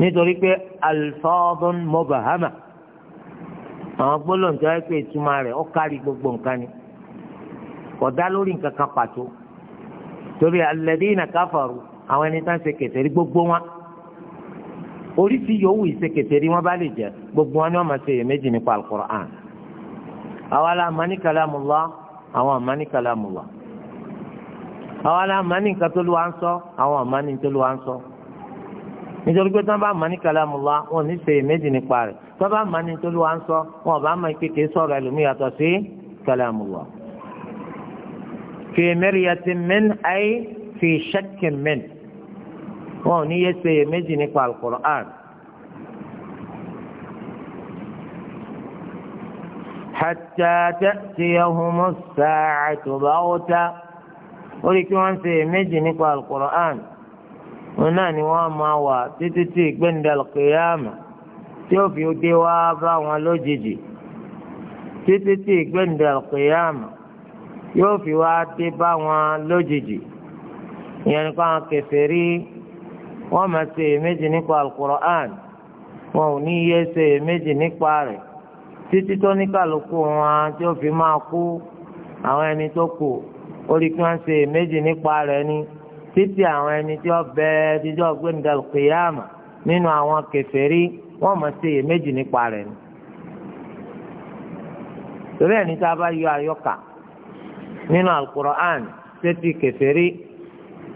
nítorí pé alifọ́dún mọ́bàhámà àwọn gbólóhùn tó yẹ pé ìtumọ̀ rẹ̀ ó kárí gbogbo nǹkan ni kò dá lórí nǹkan kan pàtó torí alladhina kafaru àwọn ẹni tá ń ṣe kèfèrí gbogbo wọn oríṣi yòówù ìṣe kèfèrí wọn bá lè jẹ gbogbo wọn ni wọn máa ṣe iyèméjì nípa al-Qur'an àwọn aláàmánì kalamullah àwọn àmánì kalamullah àwọn aláàmánì nǹkan tó lù wá ń sọ àwọn àmánì tó lù wá ń sọ nítorí pé tọ́ bá àmánì kalamullah wọn ní ṣe iyèméjì nípa rẹ̀ tọ́ bá àmánì tó ń sọ wọn ò bá máa kékeré sọ̀rọ̀ ẹlòmíràn sí kalamullah fi miryatin min ay fi shakkin min wọn ò ní yé ṣe iyèméjì nípa alukur'an. hatta ta'tiyahumu as-sa'atu bawta ó rí kí wọ́n ṣe iyèméjì nípa alukur'an wọn náà ni wọ́n máa wà títí tí gbẹ̀ndẹ̀ alukiyama tí ó fi dé wá bá wọn lójijì títí tí gbẹ̀ndẹ̀ alukiyama yóò fi wá dé bá wọn lójijì ìyẹn nípa àwọn kèfèrí wọ́n máa ṣe èméjì nípa alukur'an wọn ò ní yé ṣe èméjì nípa rẹ̀ títí tó ní kálukú wọn tí ó fi máa kú àwọn ẹni tó kù orí kí wọ́n ṣe èméjì nípa rẹ̀ ni títí àwọn ẹni tí wọ́n bẹ dídọ́ gbẹ̀ndẹ̀ kìyàmà nínú àwọn kèfèrí wọ́n máa ṣe èméjì nípa rẹ̀ ni. torí ẹni tá a bá yọ àyọkà nínú alukur'an sétí kẹfẹ́rí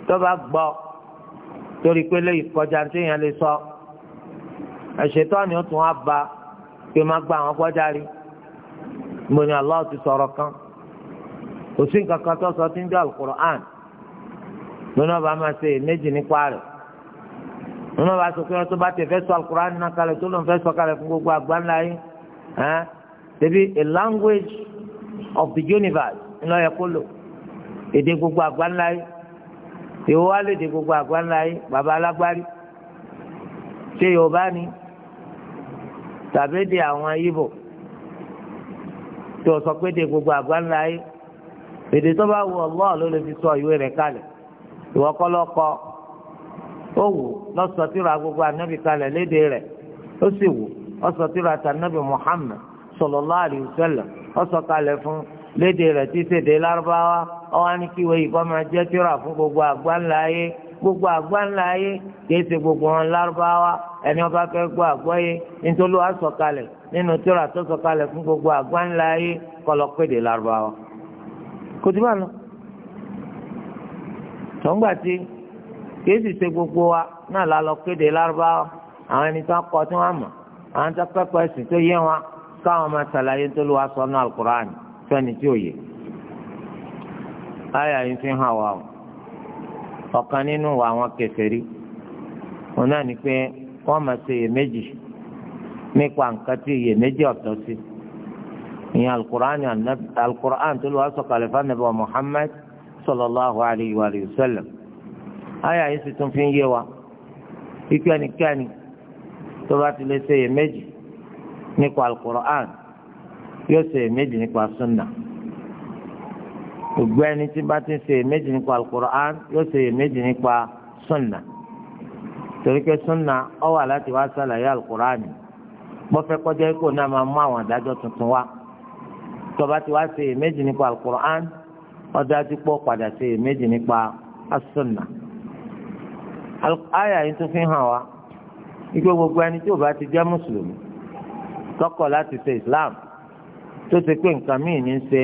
tọ́ba gbọ́ torí pé lẹ́yìn kọjá téèyàn lè sọ àṣetọ́ ni ó tún wá ba pé má gba àwọn gbọ́jà rí mo ní Allah ti sọ̀rọ̀ kan kò sí nǹkan kan tó sọ tí ń jẹ́ alukur'an lónà bá máa ṣe méjì nípa rẹ̀ lónà bá sọ pé wọ́n tó bá tẹ̀ fẹ́ sọ alukur'an náà kalẹ̀ tó lóun fẹ́ sọ kalẹ̀ fún gbogbo àgbáńlá yìí ṣebí a language of the universe ńlọ yẹ kó lò èdè gbogbo àgbáńlá yìí ìwọ wá lédè gbogbo àgbáńlá yìí bàbá alágbárí ṣé yorùbá ni tàbí èdè àwọn yíbò tí o sọ pé èdè gbogbo àgbáńlá yìí èdè tó bá wù Allah ló lè fi sọ ìwé rẹ̀ kalẹ̀ ìwọ kọ́ ó wù lọ́sọ̀tìrọ̀ agbogbo ànábì kalẹ̀ lédè rẹ̀ ó sì wù ọ̀sọ̀tìrọ̀ àtànábì Muhammad sallallahu alaihi ọ̀sọ̀kalẹ̀ fún léde rẹ̀ tí ṣèdè lárúbáwá ọwọ́ ní kí wọ́n yìí jẹ́ tíra fún gbogbo àgbáńlá gbogbo àgbáńlá ayé kìí ṣe gbogbo larubawa ẹni ọba fẹ́ gbọ́ nítorí wàá sọ̀kalẹ̀ nínú tíra tó fún gbogbo àgbáńlá ayé kọlọ péde lárúbáwá. kò tí lọ. kìí gbogbo wa náà la àwọn ẹni tó tí wọ́n mọ̀ àwọn tó tó wọn sọ náà fẹ́ni tí ò yẹ àyà yìí fi hàn wá o nínú wa àwọn kèfèrí wọn náà ní pé wọ́n máa ṣe iyèméjì nípa nǹkan tí iyèméjì ọ̀tọ̀ sí ìyẹn alukur'an tó wá sallallahu alayhi wa sallam àyà yìí sì tún fi ń yé wa ikú ẹnikẹ́ni tó bá yóò ṣe èméjì nípa súnà gbogbo ẹni tí bá ti ṣe èméjì nípa alukur'an yóò ṣe èméjì nípa súnà torí pé súnà ó wà láti wá sàlàyé alukur'an gbọ́fẹ́ kọjá ikú náà máa mú àwọn àdájọ́ tuntun wá tọba ti wá ṣe èméjì nípa alukur'an ọdájú pọ̀ padà ṣe èméjì nípa asúnà àyà yìí tún fi hàn wá ikú gbogbo ẹni tí ti jẹ́ islam. tó ti pé nǹkan míì ní í ṣe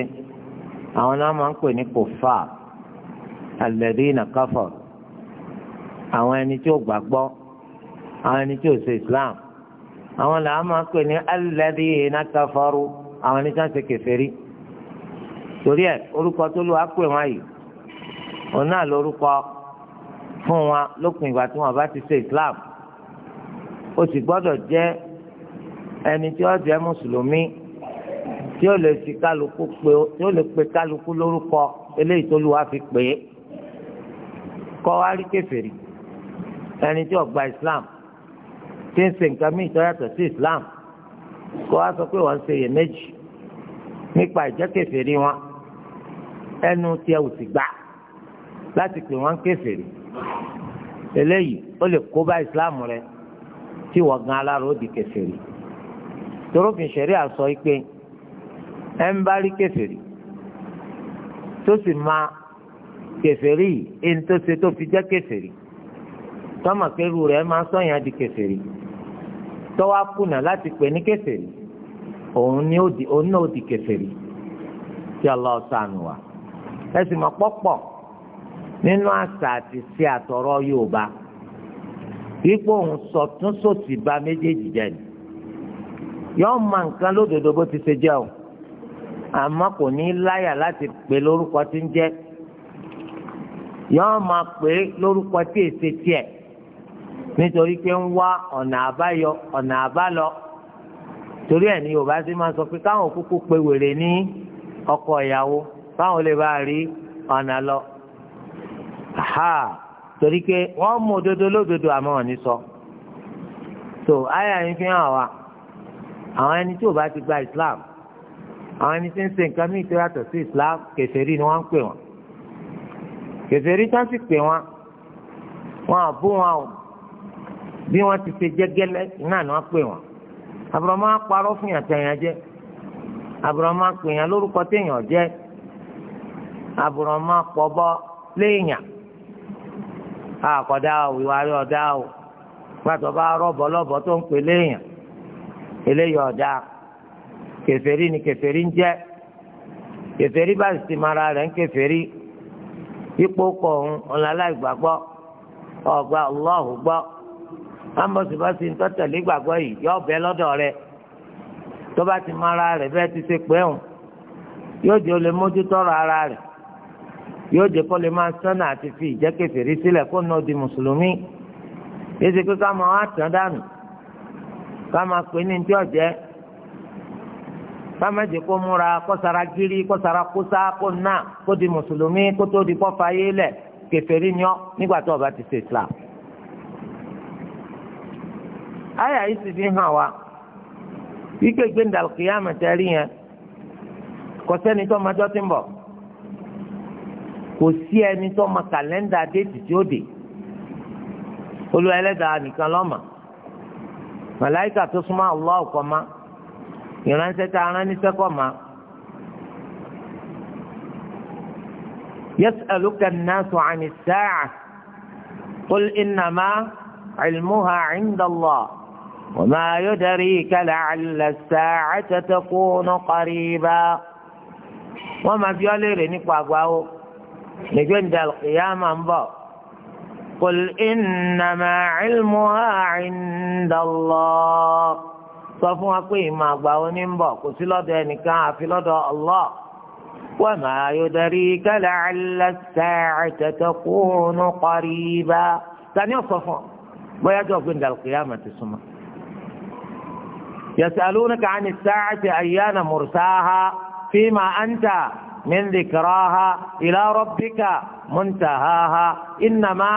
àwọn náà máa ń pè ní kòfà alladhina kafar àwọn ẹni tí ó gbàgbọ́ àwọn ẹni tí ó ṣe islam àwọn làá máa ń pè ní alladhina kafaru àwọn ẹni tí wọ́n ṣe kèfèrí torí ẹ orúkọ tó lù wá pè wọ́n yìí òun náà lórúkọ fún wọn lópin ìgbà tí wọ́n bá ti ṣe islam ó sì gbọ́dọ̀ jẹ́ ẹni tí ó jẹ́ mùsùlùmí tí ó lè fi kálukú pé tí ó lè pe kálukú lórúkọ eléyìí tó lùwà fi pè é kọ́ wá rí kèfèrí ẹni tí ó gba islam tí ń ṣe nǹkan míì tó yàtọ̀ sí islam kọ́ wá sọ pé wọ́n ń ṣe iyèméjì nípa ìjẹ́ kèfèrí wọn ẹnu tiẹ̀ ò sì gbà láti pè wọ́n kèfèrí eléyìí ó lè kó bá islam rẹ tí wọ́n gan aláró di kèfèrí torófin ṣẹ̀rí àsọ yìí pé ẹ ń bá rí kèfèrí tó sì máa kèfèrí yìí ẹni tó ṣe tó fi jẹ́ kèfèrí tọ́mọ̀ kẹrù rẹ̀ máa sọ̀yàn di kèfèrí tọ́wọ́ kùnà láti pè ní kèfèrí òun ni ó di òun náà ó di kèfèrí tí Allah ṣàánú wa ẹ sì mọ̀ pọ́pọ̀ nínú àṣà àti ṣe àtọ̀rọ̀ Yorùbá ipò òun sọ̀tún sòsì ba méjèèjì jẹ́ ni yọ́n mọ nǹkan lódodo bó ti ṣe jẹ́ o àmọ́ kò ní láyà láti pè lórúkọ tí ń jẹ́ yọọ máa pè lórúkọ tí èsè tiẹ̀ nítorí pé ń wá ọ̀nà àbáyọ ọ̀nà àbálọ torí ẹ̀ ní yorùbá sì máa sọ pé káwọn kúkú pe wèrè ní ọkọ ìyàwó káwọn lè bá rí ọ̀nà lọ torí pé wọ́n mú òdodo lódodo àmọ́ wọn ní sọ so àyà yín fi hàn wá àwọn ẹni tí ò ti gba Islam. àwọn ẹni tí ń ṣe nǹkan míì tó yàtọ̀ sí islam kèfèrí ni wọ́n ń pè wọ́n kèfèrí tó ń sì pè wọ́n á bú wọn o bí wọ́n ti ṣe jẹ́gẹ́lẹ́ náà ni wọ́n pè wọ́n àbùrọ̀mọ́ apárọ́ fún yàtẹ̀yàn jẹ́ àbùrọ̀mọ́ apèyàn lórúkọ téèyàn jẹ́ àbùrọ̀mọ́ apọ̀bọ léèyàn àkọ́dá o ìwà rí ọ̀dá o pàtó bá rọ̀bọ̀ tó ń pè léèyàn eléyìí ọ̀dá Keferi ni kèfèrí ń keferi kèfèrí bá sì mara rẹ̀ ń kèfèrí ipò kọ òun ọ̀gbà ọlọ́hùn gbọ́ ambọ̀sibọ́sì ń tọ́tẹ̀lé gbàgbọ́ yìí yọ ọ̀bẹ lọ́dọ̀ rẹ̀ tó bá ti mara rẹ̀ bẹ́ẹ̀ ti ṣe pé òun yóò jẹ́ olè mójútó ara rẹ̀ yóò jẹ́ kó lè máa sọ́nà àti fi ìjẹ́ kèfèrí sílẹ̀ kó nà di mùsùlùmí ká bàmá jẹ kó múra kó sara gírí kó sara kósa kó nà kó di mùsùlùmí kó tó di kọfà yé lẹ kèfèrí ni nígbà tó o bá ti ṣe islam. àyà yìí sì fi hàn wá wípé gbẹ̀ndàlùkìyà mẹ̀tẹ́rì yẹn kò sẹ́ni tó máa bọ̀ kò sí ẹni tó máa kàlẹ́ndà déètì tí يونان ستعنا نتقوما يسألك الناس عن الساعة قل إنما علمها عند الله وما يدريك لعل الساعة تكون قريبا وما بيولي رنك وقواه لجند القيامة انبو قل إنما علمها عند الله sọ fún wa pé ìmọ̀ àgbà oní ń bọ̀ kò sí lọ́dọ̀ ẹnìkan àfi lọ́dọ̀ Allah wa ma yudarika la'alla as-sa'ata takunu qariba tani ọ̀sọ̀ fún ọ bóyá jọ gbé ndàlù kìyàmà ti súnmọ́. yasalunaka ani as-sa'ati ayyana mursaha fima anta من ذكراها إلى ربك منتهاها إنما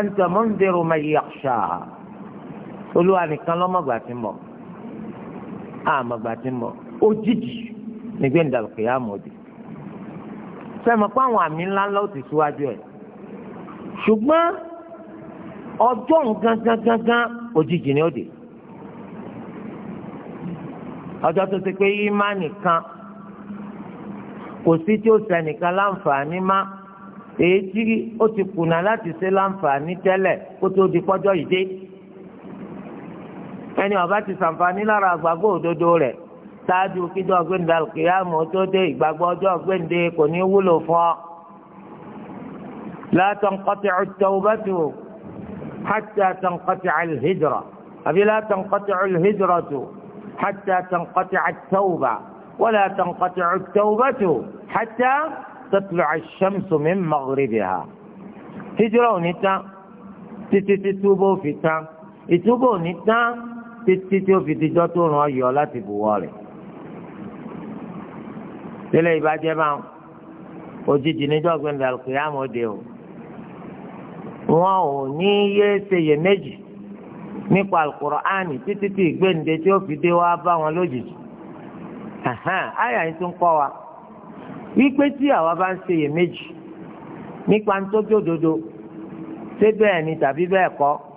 أنت منذر من يخشاها قلوا أنك لما قاتم بك àmàgbà ti ń ojiji òjijì nígbẹ́ ìdàlùkì yà mọ̀ pé àwọn àmì ńlá ńlá ó ti síwájú ṣùgbọ́n ọjọ gangan gangan ojiji ni ó dé ọjọ tó ti pé yímá nìkan kò sí tí ó sẹ́nìkan láǹfààní má èyí tí ó ti kùnà láti ṣe láǹfààní tẹ́lẹ̀ kó tó di yìí ẹni ó bá ti sàǹfààní lára àgbàgbọ́ òdodo rẹ̀ ṣáájú kíjọ ọgbẹ́ndé alùkìyàmù tó dé ìgbàgbọ́ ọjọ́ ọgbẹ́ndé kò ní wúlò fún ọ. la tanqati'u at-tawbatu hatta tanqati'a al-hijra àbí la tanqati'u al-hijratu hatta tanqati'a at-tawba wala tanqati'u at-tawbatu hatta tatlu'a ash-shamsu min maghribiha. ò ní tán títí títí tí ó fi dijọ́ tó ràn ọ́ yọ láti bùwọ́ rẹ̀. tẹ́lẹ̀ ìbàjẹ́ máa òjijì níjọ́ gbẹ̀ndẹ̀ àlùkìyàmọ̀ òde o. wọ́n ò ní yé méjì nípa àlùkùránì títí tí ìgbẹ̀ǹde tí ó fi dé wá bá wọn lójijì. àyà yìí tún kọ́ wa wípé tí àwa bá ń méjì nípa ń tójú òdodo ṣé bẹ́ẹ̀ ni tàbí bẹ́ẹ̀ kọ́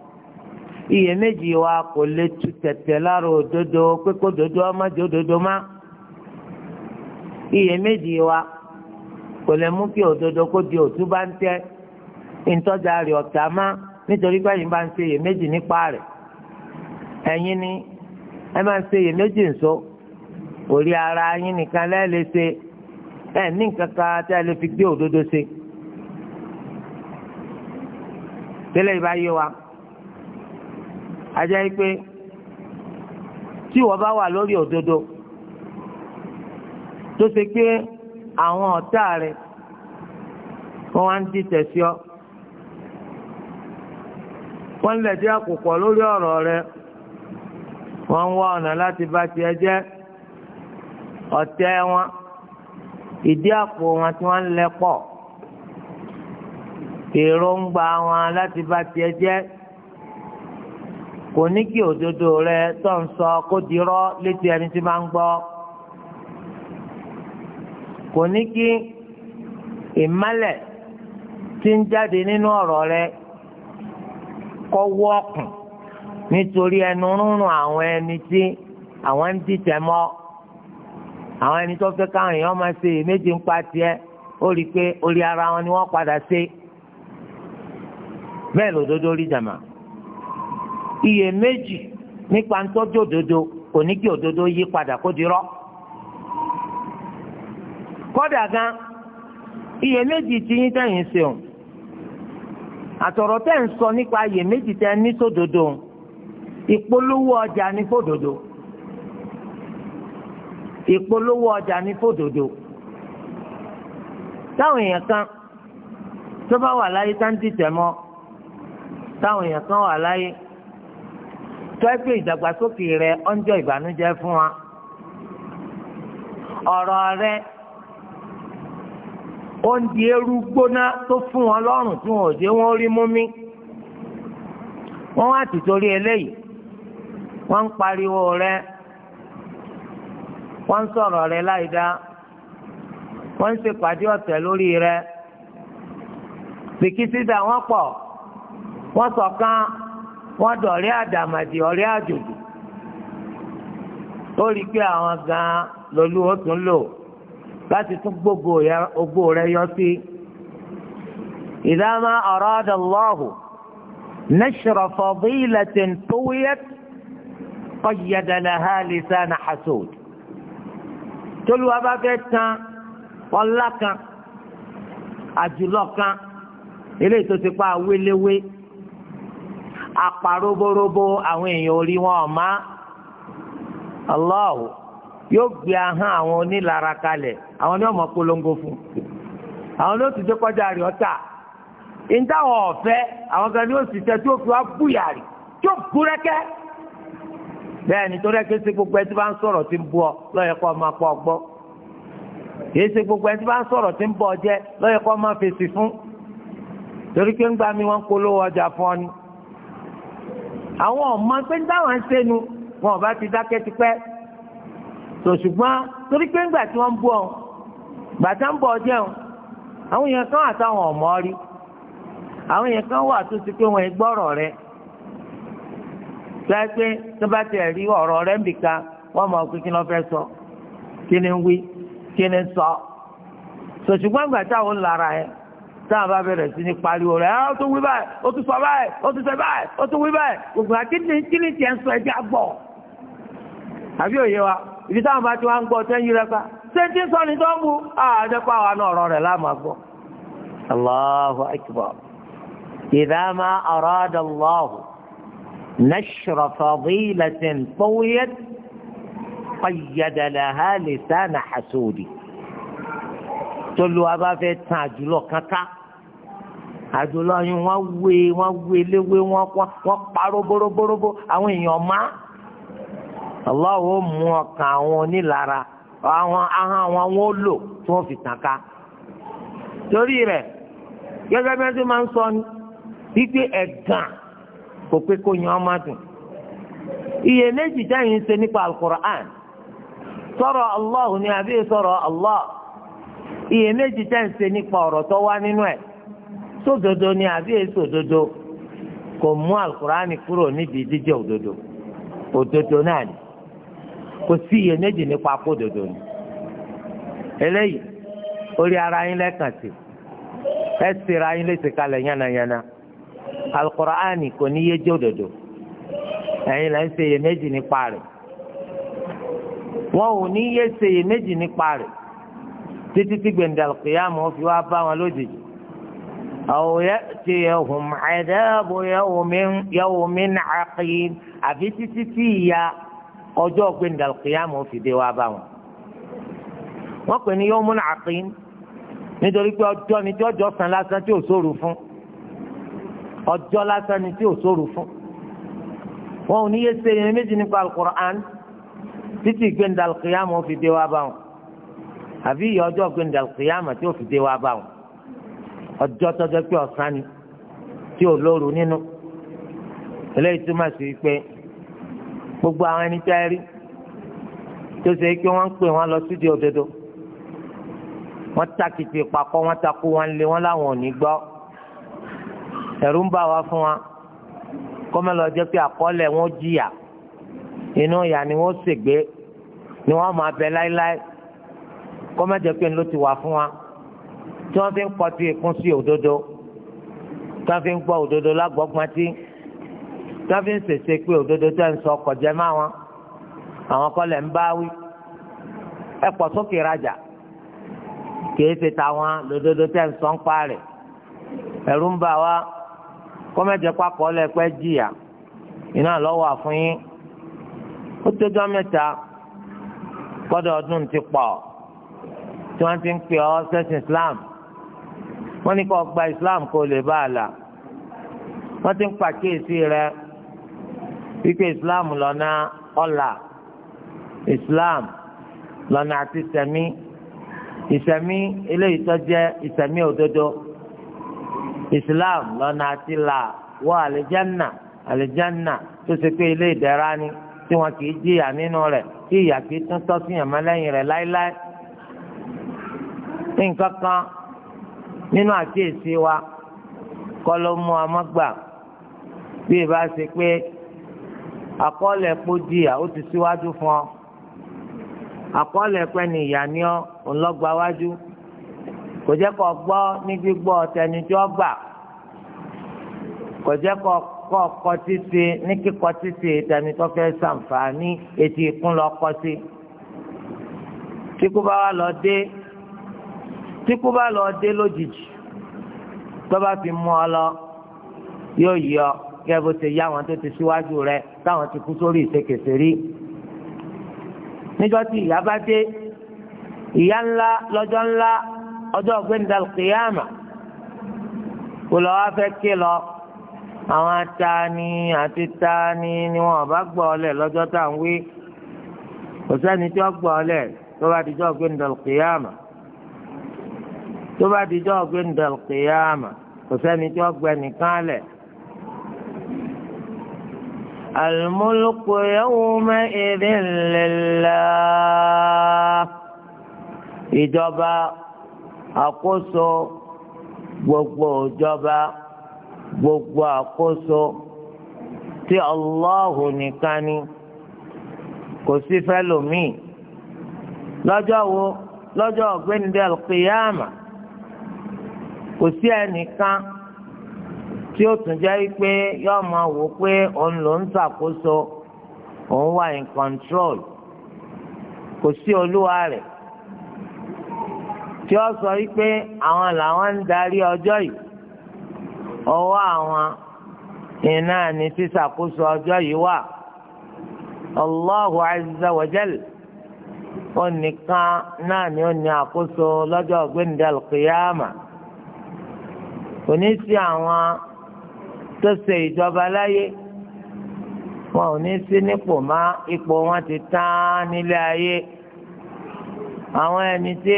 iyèméjì wa kò lè tu tẹ̀tẹ̀ lára òdodo kókó dodo ọmọ jẹ́ òdodo má iyèméjì wa kò lè mú kí òdodo kó di òtún bá ń tẹ́ ìtọ́jà rẹ̀ nítorí pé ẹ̀yin bá ń nípa rẹ̀ ẹ̀yin ni ẹ nso orí ara yín nìkan ẹ̀ ní wa. ajá yìí pé tí wọ́n bá wà lórí òdodo tó ṣe pé àwọn ọ̀tá rẹ̀ wọ́n wá ń dìtẹ̀ sí ọ wọ́n lè jẹ́ àkùkọ lórí ọ̀rọ̀ rẹ wọ́n ń wá ọ̀nà láti bá tiẹ̀ jẹ́ ọ̀tẹ̀ wọn ìdí àpò wọn tí wọ́n ń lẹ èròǹgbà wọn láti bá tiẹ̀ jẹ́ kò ní kí òdodo rẹ tó ń sọ kó dirọ́ létí ẹni tí máa ń gbọ́ kò ní kí ìmálẹ̀ tí ń jáde nínú ọ̀rọ̀ rẹ kọ́ wọ́ọ̀kùn nítorí ẹnu rúnrún àwọn ẹni tí àwọn ń dìtẹ̀ mọ́ àwọn ẹni tó fẹ́ káwọn èèyàn máa ṣe èméjì ń pa tiẹ̀ ó rí i pé orí ara wọn ni wọ́n padà ṣe bẹ́ẹ̀ lòdodo rí jàmá. méjì nípa ntọ́jú òdodo kò kí òdodo yí padà kó dirọ́ kódà gan méjì tí yín tẹ̀yìn sèun àtọ̀rọ̀ tẹ̀ ń sọ nípa méjì tẹ̀ ní sódodo ìpolówó ọjà ní ìpolówó ọjà ní fòdodo kan tó bá wà láyé tá ń dìtẹ̀ mọ́ táwọn èèyàn kan wà láyé. tó ẹ pé ìdàgbàsókè rẹ ọjọ́ ìbànújẹ́ fún wa Ọrọ rẹ ó ń eru gbóná tó fún wọn lọ́rùn tí wọn ò dé wọn rí mú mi wọ́n wá ti torí eléyìí wọ́n ń pariwo rẹ wọ́n ń sọ̀rọ̀ rẹ láìdá wọ́n ń ṣèpàdé ọ̀tẹ̀ lórí rẹ bìkítí dà wọ́n pọ̀ wọ́n ṣọ̀kan. wọ́n dọ̀rẹ́ àdàmàdì ọ̀rẹ́ àjòjì ó rí i pé àwọn gan-an lolú ó tún lò láti tún gbogbo ogbó rẹ yọ sí. إذا ما أراد الله نشر فضيلة طويت قيد لها لسان حسود tolu aba fẹ́ tán ọlá kan àjùlọ kan eléyìí tó ti pa awéléwé Apa roborobo àwọn èèyàn orí wọn ọ̀ma Allah yóò gbé ahọ́n àwọn onílara kalẹ̀ àwọn ní ọmọ polongo fún àwọn ní kọjá rí ọ̀tá ìdáwọ̀ ọ̀fẹ́ àwọn kan tí ó fi wá tí ó bẹ́ẹ̀ ni tó rẹ́kẹ́ sí gbogbo ẹ tí bá ń sọ̀rọ̀ tí ń bú ọ kó gbọ́ kìí ṣe gbogbo ẹ tí bá ń sọ̀rọ̀ tí ń jẹ́ kó fún torí pé ń ọjà fún ni àwọn ọmọ pé ń dáwọn ṣẹnu wọn ò bá ti dákẹ́ tipẹ́ tó ṣùgbọ́n torí pé ńgbà tí wọ́n ń bú ọ gbàtà ń bọ̀ ọ jẹun àwọn èèyàn kan àtàwọn ọmọ rí àwọn èèyàn kan wà tó ti pé wọn gbọ́rọ̀ rẹ gbẹ́ pé tó bá tiẹ̀ rí ọ̀rọ̀ rẹ ń bìkan wọ́n mọ̀ pé kí ni wọ́n fẹ́ sọ kí ni ń wí kí ni ń sọ sòṣùgbọ́n gbàtà òun lára yẹn táwọn bá bẹ̀rẹ̀ sí ní pariwo rẹ̀ ah, ó tún wí báyìí ó tún sọ báyìí ó tún sọ báyìí ó tún wí báyìí gbogbo àkíní kíní tiẹ̀ ń sọ ẹja gbọ̀. àbí òye wa ibi táwọn bá ti wá ń gbọ́ tẹ́ ń yí rẹ́pà ṣé tí sọ ni tó ń bu àdẹ́pà ọ̀rọ̀ rẹ̀ láàmú àgbọ̀. Allahu akbar idha ma arada Allahu tolu abafẹ tan àjùlọ kankan. àjòlọ́yún wọ́n wé wọ́n wé léwé wọ́n wọn parọ́ bóróbóróbó àwọn èèyàn má. Allahu mú ọkàn àwọn onílara àwọn ahọ́n àwọn wọn lò tí wọ́n fi tàn ká. torí rẹ̀ gẹ́gẹ́ bí wọ́n ti máa ń sọ ni kò pé kó yan ọmọ dùn. iyèméjì dáhìn ń ṣe nípa alukur'an sọ̀rọ̀ Allah ni àbí sọ̀rọ̀ Allah iyèméjì dáhìn ń ṣe nípa ọ̀rọ̀ tó nínú ẹ̀. sódodo ni àbí èso òdodo kò mú alukurani kúrò nídìí jíjẹ òdodo òdodo náà ni kò sí iyèméjì nípa kó òdodo ni eléyìí orí ara yín lẹ́kàn sí ẹ sèrè ayín lè sèkalẹ̀ yánnayànna alukurani kò ní yé jẹ́ òdodo ẹ̀yin lẹ́ ń ṣe iyèméjì nípa rẹ̀ wọn ò ní yé ṣe iyèméjì nípa rẹ̀ títí tí gbẹ̀ndàlùkìyàmù fi wá bá wọn lójijì. أو يأتيهم عذاب يوم يوم عقيم àfi títí tí ìyà ọjọ́ gbẹ̀ndà kìyàmù fi dé wá bá wọn. wọ́n pè ní yawmun aqim nítorí pé ọjọ́ ni tí ọjọ́ san lásán tí ò sóru fún ọjọ́ lásán ni tí ò sóru fún. wọn ò ní yé ṣe irin méjì nípa alukur'an títí gbẹ̀ndà kìyàmù fi bá wọn. àfi ìyà ọjọ́ gbẹ̀ndà tí ò fi dé bá wọn ọjọ́ tọ́jọ́ pé ọ̀sán ni tí ò lóru nínú eléyìí túmọ̀ sí pé gbogbo àwọn ẹni tẹ́ rí tó ṣe pé wọ́n ń pè wọ́n lọ sídìí òdodo wọ́n takìtì papọ̀ wọ́n takú wọn lé wọn láwọn ò ní gbọ́ ẹ̀rù ń bà wá fún wa kọ́mẹ́lọ jẹ́ pé àkọọ́lẹ̀ wọn jìyà inú ìyà ni wọ́n ṣègbé ni wọ́n máa bẹ láéláé kọ́mẹ́jẹ́ pé ló ti wà fún wa tí wọ́n fi ń kọtí ìkún sí òdodo tí wọ́n fi ń gbọ́ òdodo lágbọ́gbọ́ntì tí wọ́n fi ń ṣèṣe pé òdodo tẹ́ ń sọ kọjá má wọn àwọn kọ́lẹ̀ ń bá wí ẹ pọ̀ sókè rajà kìí ṣe tàwọn lòdodo tẹ́ ń sọ ń pa rẹ̀ ẹ̀rù ń bà wá kọ́mẹ́jẹ pákọ́ lẹ́pẹ́ jìyà iná lọ́wọ́ àfún yín ó tójọ́ mẹ́ta gbọ́dọ̀ ọdún ti pọ̀ tí wọ́n ti ń pè ọ́ sẹ́sìn Islam wọ́n ní kó gba islam kó lè bá a là wọ́n ti ń pàkíyèsí rẹ wípé islam lọ́nà ọ̀la islam lọ́nà àti sẹ̀mí ìsẹ̀mí eléyìí tó jẹ́ ìsẹ̀mí òdodo islam lọ́nà àti là wọ àlìjánà àlìjánà tó ṣe pé ilé ìdẹ̀ra ni tí wọn kì í jìyà nínú rẹ̀ tí ìyà kì í tún tọ́ sí yàmá rẹ̀ láéláé nǹkan kan nínú àkíyèsí wa kọ́ ló mú amágbà bí ìbá ṣe pé àkọọ́lẹ̀ epo jìyà ó ti síwájú fún ọ àkọọ́lẹ̀ pẹ́ ni ìyá ni ọ ńlọ́gbàwájú kò jẹ́ kó gbọ́ ní gbígbọ́ tẹnudọ́ gbà kò jẹ́ kó kọ́ ọkọ títí ní kíkọ títí tẹnudọ́ fẹ́ ṣàǹfààní etí ikún lọ́kọ́ sí kíkú bá wà lọ dé tí kú bá lọ dé lójijì tó bá fi mú ọ lọ yóò yọ kí ẹ bó ṣe yá àwọn tó ti síwájú rẹ táwọn ti kú sórí ìṣekèsè rí níjọ́ tí ìyá bá dé ìyá ńlá lọ́jọ́ ńlá ọjọ́ gbẹndàlù kìyàmà kò lọ wá fẹ́ ké lọ àwọn atani àti tani ni wọn bá gbọ́ ọ lẹ lọ́jọ́ tá à ń wí kò sẹ́ni tí wọn gbọ́ ọ lẹ tó bá dijọ́ gbẹndàlù kìyàmà tó bá di jọ́ ọ̀gbẹ́ndà kìyàmà kò sẹ́ni tí wọ́n gbẹ nìkan lẹ̀. الملك يومئذ لله ìjọba àkóso gbogbo ìjọba gbogbo àkóso tí Allahu nìkan ni kò sí fẹ́lòmíì lọ́jọ́ wo lọ́jọ́ ọ̀gbẹ́ni dẹ́l kò sí ẹnìkan tí ó tún jẹ́ pé yóò máa wò pé òun ló ń ṣàkóso òun wà in control kò sí olúwa rẹ̀ tí ó sọ àwọn làwọn ń darí ọjọ́ yìí ọwọ́ àwọn iná ni ọjọ́ yìí wà Allahu ni kò ní sí àwọn tó ṣe ìjọba láyé wọn ò ní sí nípò má ipò wọn ti tán nílé ayé àwọn ẹni tí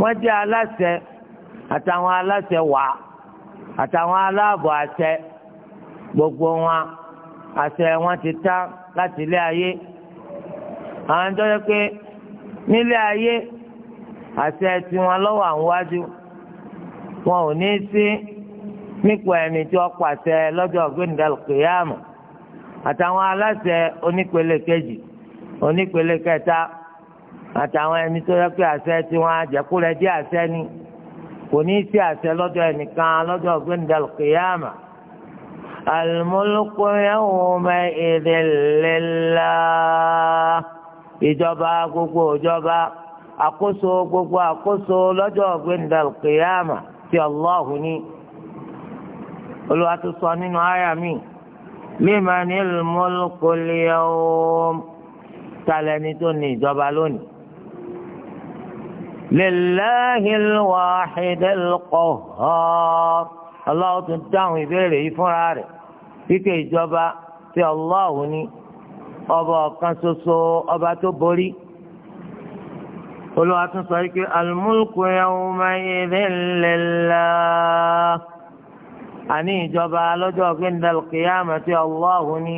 wọ́n jẹ́ aláṣẹ àtàwọn aláṣẹ wà àtàwọn aláàbọ̀ àṣẹ gbogbo wọn àṣẹ wọn ti tán láti ilé ayé àwọn tó yẹ pé nílé ayé àṣẹ tiwọn lọ́wọ́ àwọn wájú. wọn ò ní sí nípa ẹni tí ó pàṣẹ lọ́jọ́ ọ̀gbẹ́nìdàlù àtàwọn aláṣẹ onípele kejì onípele kẹta àtàwọn ẹni tó yẹ pé àṣẹ tiwọn àjẹkúrẹ́ jẹ́ àṣẹ ni kò ní sí àṣẹ lọ́dọ̀ ẹnìkan lọ́jọ́ ọ̀gbẹ́ni ìjọba gbogbo ìjọba gbogbo ti Allahu ni olùwà tó sọ nínú àyà mi limanil mulkul yawm talẹni tó ní ìjọba lónìí lillahil wahidil qahhar Allah tún dáhùn ìbéèrè yìí fúnra rẹ̀ kíkẹ́ ìjọba ti Allahu ni ọba ọ̀kan ṣoṣo ọba tó borí olùwà tún sọ wípé al-mulku yawma'idhin lillah àní ìjọba lọ́jọ́ gbẹ̀ndàl qiyamati Allahu ni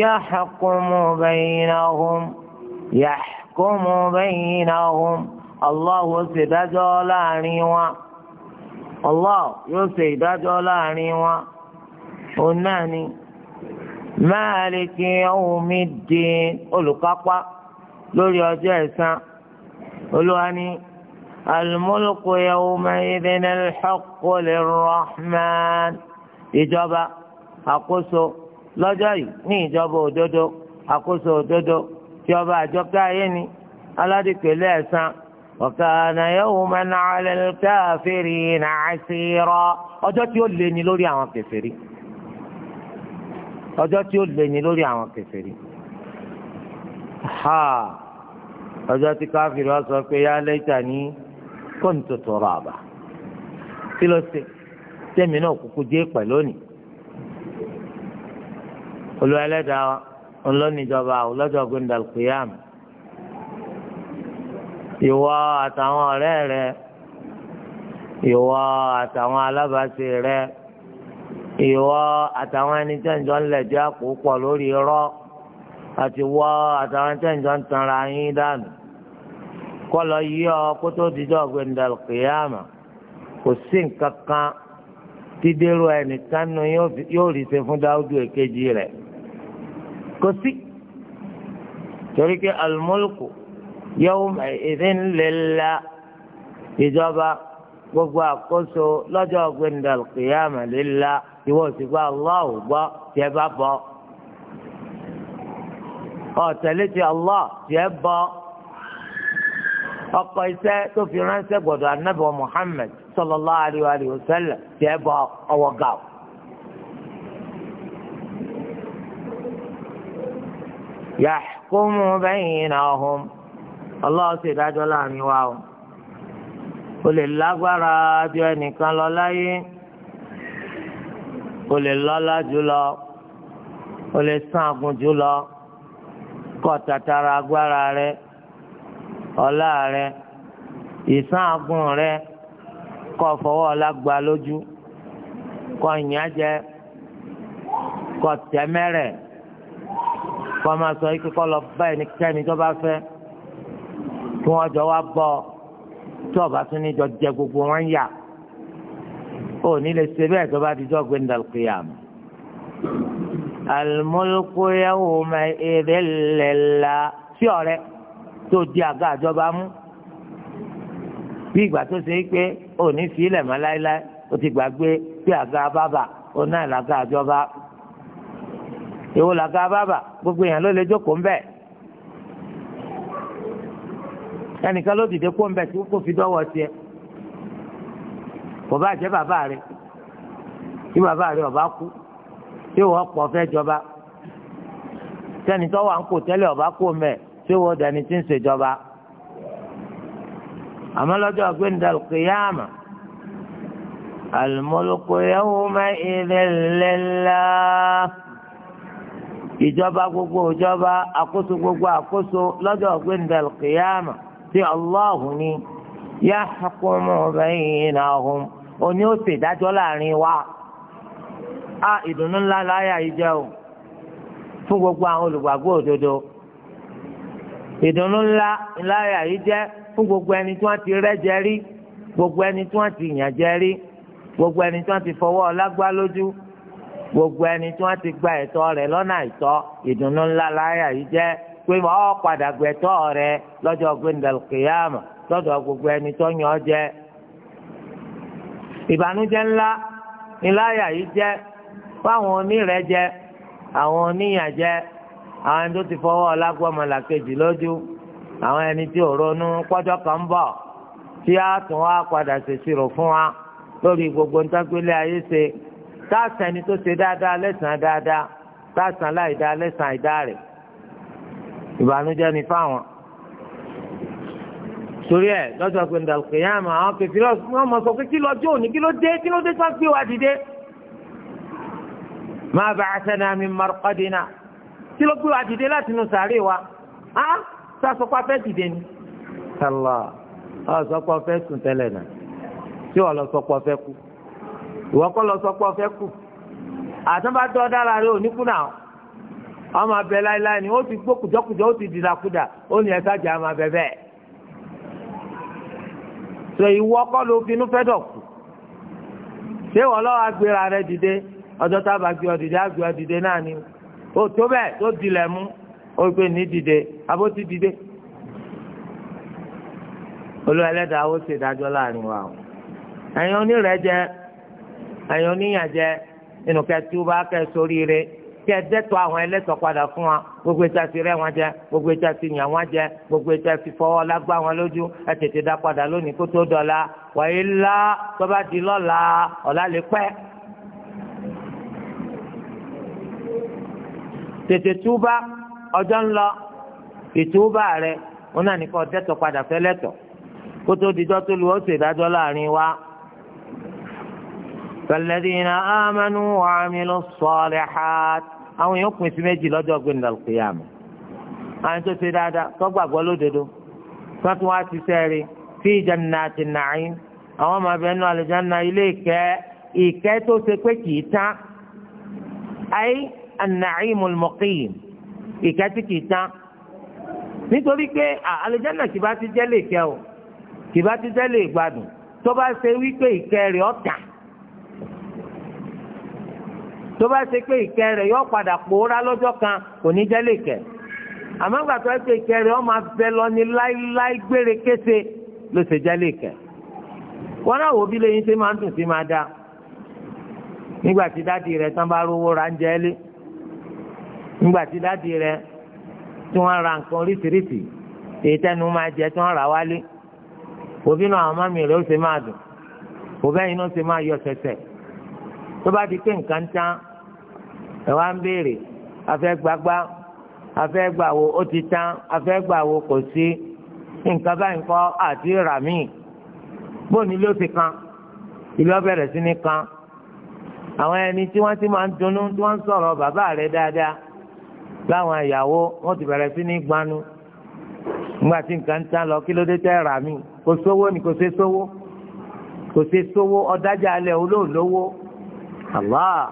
yahkumu baynahum yahkumu baynahum Allahu ó ṣe ìdájọ́ láàrin wọn Allah yóò ṣe ìdájọ́ láàrin wọn òun náà ni maliki yawmiddin olùkápá lórí ọjọ́ ẹ̀san olúwa ni al-mulku yawma'idhin al-haqqu lir-rahman ìjọba àkóso lọ́jọ́ yìí ní ìjọba òdodo àkóso òdodo tí ọba àjọkẹ́ ayé ni aládìpẹ̀lẹ̀ ẹ̀san wa kana yawman 'ala al ọjọ́ tí ó lé ní lórí àwọn kèfèrí ọjọ́ tí ó lé ní lórí àwọn kèfèrí ọjọ́ tí káfíìrì wa sọ pé yá lẹ́tà ní kóńtò tọrọ àbá kí ló ṣe tẹ́mi náà kúkú dé pẹ̀ lónìí olùwà ẹlẹ́dàá ńlọ́nìjọba ọlọ́jọ́ gbẹ̀ndàlùkìyàmù ìwọ àtàwọn ọ̀rẹ́ rẹ ìwọ àtàwọn alábàáṣe rẹ ìwọ àtàwọn ẹni tẹ́ ń jọ àpò pọ̀ lórí irọ́ àti wọ àtàwọn ẹni tẹ́ ń ń tanra yín dànù kọlọ yíyọ kótó dídọ́ gbẹ̀ndàlù kìyàmà kò sí nǹkan kan dídérò ẹnìkan nu yóò rí ṣe fún dáwùdù èkejì rẹ̀ kò sí torí pé al-mulku yawma idhin lillah ìjọba gbogbo àkóso lọ́jọ́ gbẹ̀ndàlù kìyàmà lillah ìwọ sì gba Allah gbọ́ tiẹ̀ bá bọ́ ọ̀tẹ̀lẹ́ ti tiẹ̀ bọ́. ọkọ iṣẹ́ tó fi ránṣẹ́ gbọ̀dọ̀ anábì wa alayhi wa sallam jẹ́ bọ ọwọ́ ga o. yàhkúmù baynahum Allah ṣe ìdájọ́ láàrin wa o. o lè lágbára ju ẹnìkan lọ láyé o lè lọ́lá jùlọ o lè sàn àgùn jùlọ kọ́ ọlá rẹ ìsáàgùn rẹ kọ́ fọwọ́ ọlá gba lójú kọ́ ìyàn jẹ kọ́ tẹ́mẹ́rẹ̀ kọ́ máa sọ yìí kíkọ́ lọ bá ẹnikẹ́ni tó bá fẹ́ kí wọ́n jọ wá bọ́ tó ọba tún níjọ jẹ gbogbo wọn yà ó ní lè ṣe bẹ́ẹ̀ tó bá ti jọ gbẹndàlùkìyàmù. الملك يومئذ لله في tó di aga àjọba mú bí ìgbà tó ṣe é pé ò ní fi ilẹ̀ mọ́ láéláé ó ti gbàgbé pé aga bábà ó náà àjọba èwo làga bábà gbogbo èèyàn ló lè jókòó ń bẹ̀ ẹnìkan ló dìde kó ń bẹ̀ tí kò fi dọ́wọ́ tiẹ̀ kò bá jẹ́ bàbá tí bàbá ọba kú tí fẹ́ jọba ń tẹ́lẹ̀ ọba mẹ́ẹ̀. tí wọ́n dání tí ń ṣèjọba àmọ́ lọ́jọ́ gbẹ̀ndà kìyàmà al-mulku yawma'idhin lillah ìjọba gbogbo ìjọba àkóso gbogbo àkóso lọ́jọ́ gbẹ̀ndà kìyàmà tí Allahu ni yahkumu baynahum òní ó ṣèdájọ́ láàrin wa a ìdùnnú ńlá láyà yìí jẹ́ o fún gbogbo àwọn olùgbàgbọ́ òdodo. ìdùnnú ńlá ńláyà yìí jẹ́ fún gbogbo ẹni tí wọ́n ti rẹ́jẹ rí gbogbo ẹni tí wọ́n ti yàn jẹ rí gbogbo ẹni tí wọ́n ti fọwọ́ ọlágbá lójú gbogbo ẹni tí wọ́n ti gba ẹ̀tọ́ rẹ̀ lọ́nà àìtọ́ ìdùnnú ńlá láyà yìí jẹ́ pé ọ padà gbẹ̀tọ́ rẹ̀ lọ́jọ́ gbẹndàlùkìyàmù lọ́dọ̀ gbogbo ẹni tó yàn ọ́ jẹ ìbànújẹ́ ńlá ńláyà yìí jẹ́ fáwọn onírẹ̀jẹ àwọn oníyànjẹ àwọn ẹni tó ti fọwọ́ ọlágbọ́mọ làkejì lójú àwọn ẹni tí ò ronú pọ́jọ́ kan ń bọ̀ tí a tún wá padà ṣèṣirò fún wa lórí gbogbo ntágbélé ayé ṣe táàsán ẹni tó ṣe dáadáa lẹ́sàn-án dáadáa táàsán láìdáa lẹ́sàn-án àìdá rẹ̀ ìbànújẹ́ ni fáwọn torí ẹ lọ́jọ́ pé ndàlùkìyàmù àwọn kẹfì wọn mọ sọ pé kí lọ́jọ́ òní kí ló dé kí ló dé sọ pé wà á dìde. má bàa sẹ́ni àmì mọ́rọ́kọ́dínà kí ló gbé wa dìde láti inú sàárè wa á sàṣọpá fẹ́ dìde ni. kàlá fẹ́ sùn tẹ́lẹ̀ náà tí wọ́n lọ sọ́pọ̀ fẹ́ kú ìwọ lọ sọ́pọ̀ fẹ́ kú àtúntà dára rẹ ò ní kú náà ọmọ abẹ láéláé ni ó ti gbó kùjọkùjọ ó ti dìdàkudà ó ní agbèrè rẹ dìde ọjọ́ o tó bẹ́ẹ̀ tó dilẹ̀ mú o gbé ní dìde abó ti dìde olú ẹlẹ́dàá ó ṣe dájọ́ láàrin wa o ẹ̀yin onírẹ̀jẹ ẹ̀yin oníyànjẹ inú kẹtù bá kẹ sóríire kí ẹ dẹ́tọ̀ àwọn ẹlẹ́tọ̀ padà fún wa gbogbo ìta ti rẹ́ wọn jẹ gbogbo ìta ti yàn wọn jẹ gbogbo ìta ti fọwọ́ lágbá wọn lójú ẹ tètè dá padà lónìí kó tó dọ̀la wàyí lá tó bá di lọ́la ọ̀la lè pẹ́. tètè túbá ọjọ́ ń lọ ìtúbà rẹ wọn náà nìkan dẹ́tọ̀ padà fẹ́lẹ́tọ̀ kó tó dijọ́ tó lu ó sì láàrin wa. فالذين آمنوا وعملوا الصالحات àwọn èèyàn pín sí méjì lọ́jọ́ gbẹ̀ndà kìyàmù àwọn tó ṣe dáadáa tó lódodo tó tún wá ti sẹ́ẹ̀rì fi jannati na'im àwọn ọmọ abẹ́ nù ilé ìkẹ́ ìkẹ́ tó ṣe pé kì í tán ayé an-na'imul muqim ìkẹ́ tí kìí tán nítorí pé àlùjánnà kì bá ti jẹ́ lè kẹ́ o kì bá ti jẹ́ lè gbádùn tó bá ṣe wípé ìkẹ́ rẹ̀ ọ̀tà tó bá ṣe pé ìkẹ́ rẹ̀ yọ padà pòórá lọ́jọ́ kan kò ní jẹ́ lè kẹ́ àmọ́ gbàtọ́ ẹ pé ìkẹ́ rẹ̀ ọmọ lọ ní láíláí gbére kése ló ṣe jẹ́ lè kẹ́ wọn náà wò bí lẹ́yìn ṣe máa ń dùn sí máa dá nígbà tí dádì rẹ̀ tán bá rówó ra ń jẹ lé nígbà tí dáàdi rẹ tí wọ́n ra nǹkan oríṣiríṣi èyí tẹ́nu máa jẹ tí wọ́n rà wálé òbí náà àwọn mọ́mí rẹ̀ ó ṣe máa dùn òbí ẹ̀yin náà ṣe máa yọ ṣẹ̀ṣẹ̀ tó bá di pé nǹkan tán ẹ̀ wá ń béèrè afẹ́gbagbá afẹ́gbàwò ó ti tán afẹ́gbàwò kò sí nǹkan báyìí kọ́ àti rà bóun ilé ó ti kan ìlú ọbẹ̀rẹ̀ sí ní kan àwọn ẹni tí wọ́n ti máa ń dunnú tí wọ́n ń sọ̀rọ̀ bàbá rẹ̀ dáadáa láwọn ìyàwó wọ́n ti bẹ̀rẹ̀ sí ní gbanu nígbà tí nǹkan ń tán lọ kí ló dé tẹ́ rà mí kò sówó ni kò ṣe sówó kò ṣe sówó ọ̀dájà alẹ́ olóòlówó Allah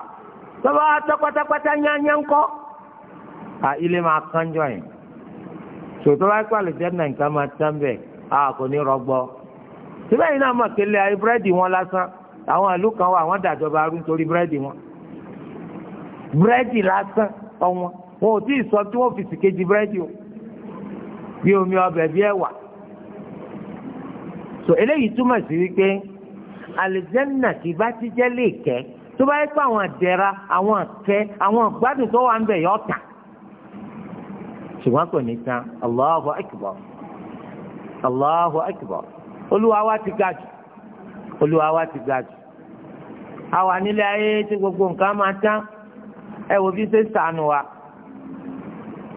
tọ́ba tọ́pátápátá yányá ńkọ́ à ilé máa kánjọ yẹn sòtọ́ bá pàlẹ́ jẹ́nà nǹkan máa tán bẹ́ẹ̀ à kò ní rọgbọ. síbẹ̀ yìí náà mọ̀ kele ayé búrẹ́dì wọn lásán àwọn ìlú kan wà wọ́n dàjọba arú nítorí búrẹ́dì wọn búrẹ́dì lásán ọ̀wọ́n. wọn ò tí ì sọ tí wọ́n fi sì kejì búrẹ́dì o bí omi ọbẹ̀ bí wà so eléyìí túmọ̀ sí wípé alẹ́jẹ́nà ti bá ti jẹ́ lè kẹ́ tó bá yẹ pé àwọn àdẹ́ra àwọn àkẹ́ àwọn àgbádùn tó wà ń bẹ̀ yọ ṣùgbọ́n kò ní wa ti ga jù olúwa wa ti ga jù àwa nílé ayé tí gbogbo nǹkan máa tán ẹ wò bí ṣe sànù wa.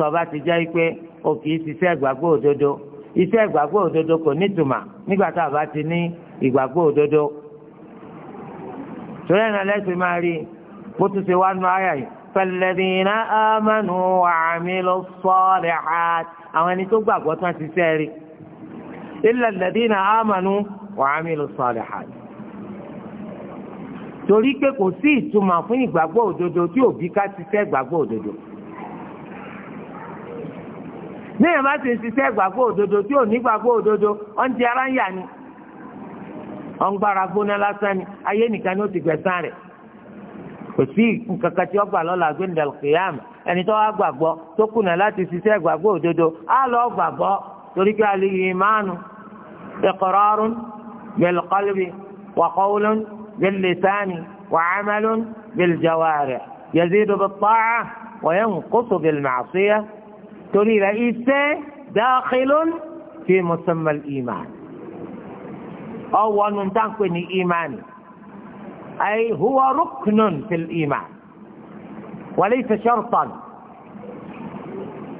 tó bá ti jẹ́ pé o kì í ṣiṣẹ́ ìgbàgbọ́ òdodo iṣẹ́ ìgbàgbọ́ òdodo kò nítumà nígbà tá ti ní ìgbàgbọ́ òdodo. torí ẹ̀nà lẹ́sìn máa rí bó tún ṣe wá nu àyà yìí amanu wa àwọn ẹni tó gbàgbọ́ tán ti rí amanu torí pé kò sí ìtumà fún ìgbàgbọ́ òdodo tí òbí ká ìgbàgbọ́ òdodo. níyàn bá ti ń ṣiṣẹ́ ìgbàgbọ́ òdodo tí ò ní gbàgbọ́ òdodo ọ̀njẹ́ ara ń yà ni ọ̀ngbára gbóná lásán ni ayé nìkan ni ó ti gbẹ̀sán rẹ̀ kò sí nǹkan kan tí ó gbà lọ́la gbẹ̀ndàlù kìyàm ẹni tó wá gbàgbọ́ tó kùnà láti ṣiṣẹ́ ìgbàgbọ́ òdodo á lọ gbàgbọ́ torí pé aliyu imánu iqrarun bilqalbi wa qawlun billisani wa amalun biljawari yazidu bit-ta'a wa yanqusu bil تولي رئيس داخل في مسمى الإيمان أول تنقل إيمان أي هو ركن في الإيمان وليس شرطا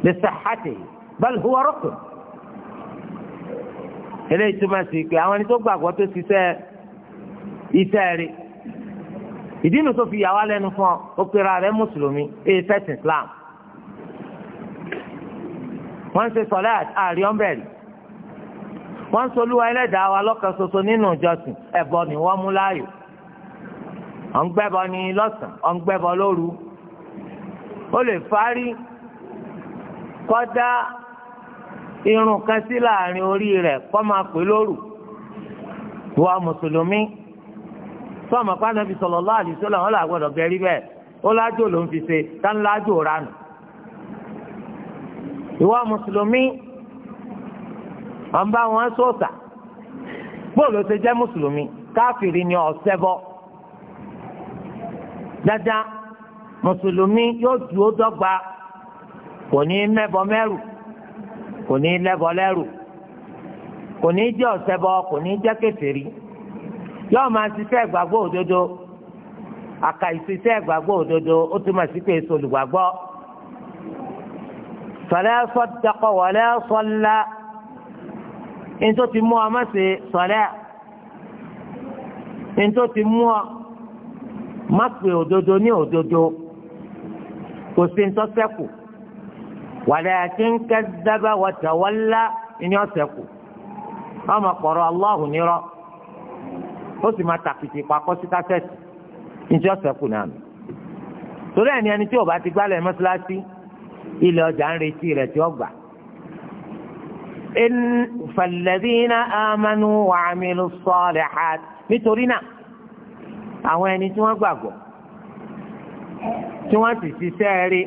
لصحته بل هو ركن إليه تماسيك أولي تقبق وتسكي سيساري إدينه صفي أولي نفع أقرار المسلمين إيه فاتن إسلام wọ́n ń ṣe sọ́láàt àárí ọ̀nbẹ̀rì wọ́n ń solúwa ẹlẹ́dàá wa lọ́kàn ṣoṣo nínú ìjọsìn ẹ̀bọ ni wọ́n mú láàyò ọ̀ gbẹ́bọ ní lọ́sàn ọ̀ gbẹ́bọ lóru ó lè fárí kọ́dá irun kan sí láàrin orí rẹ̀ kọ́ máa pè lóru wa mùsùlùmí sọ́ọ̀mù pàṣẹ fi sallallahu alaihi wasallam wọn làgbọ́dọ̀ gẹ̀rí bẹ́ẹ̀ ó lájò ló ń fi ṣe tá ń lájò ránù. ìwọ mùsùlùmí wọn bá wọn sọ̀tà bóòlù ṣe jẹ́ mùsùlùmí káfìrí ni ọ̀sẹ́bọ dada mùsùlùmí yóò dúró dọ́gba kò ní mẹ́bọ mẹ́rù kò ní lẹ́bọ lẹ́rù kò ní jẹ́ ọ̀sẹ́bọ kò ní jẹ́ kèfèrí yóò máa ṣiṣẹ́ ìgbàgbọ́ òdodo àkàìṣiṣẹ́ ìgbàgbọ́ òdodo ó túmọ̀ sí pé fala saddaqa wala salla ntó ti mú ọ má ṣe sọlá ntó ti mú ọ má pè òdodo ní òdodo kò sí ntó ṣẹ́kù walakin kazzaba wa tawalla ní ọ̀sẹ̀kù ọmọ kọ̀rọ̀ Allahu nírọ̀ ó sì máa tàkìtì pakọ́ sí kásẹ̀tì ní ọ̀sẹ̀kù náà torí ẹni ẹni tí ò bá ti gbálẹ̀ mọ́ṣáláṣí. Ile ọjà ń retí rẹ̀ tí ó gbà. fàlẹ́dínà amánú wà ha nítorí náà àwọn ẹni tí wọ́n gbàgbọ́ tí wọ́n sì ṣiṣẹ́ rí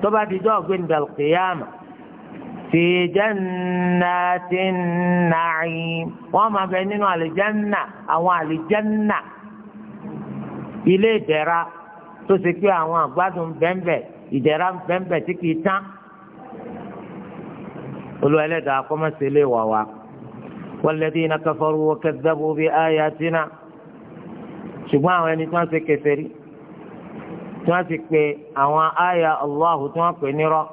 tó bá di dọ́ọ̀gbìn dàlùkìyàmà fi ti na'im wọ́n máa bẹ nínú àlìjánà àwọn ilé tó ṣe pé àwọn bẹ́ẹ̀ bẹ́ẹ̀. ìdẹ̀ra bẹ́ńbẹ́ tí kìí tán olú ẹlẹ́dàá kọ́mọ́sí lè wà wá walladhina kafaru wa kadhabu bi ayatina ṣùgbọ́n àwọn ẹni tí wọ́n ṣe kèfèrí tí wọ́n ti pe àwọn àyà Allahu tí wọ́n pè nírọ́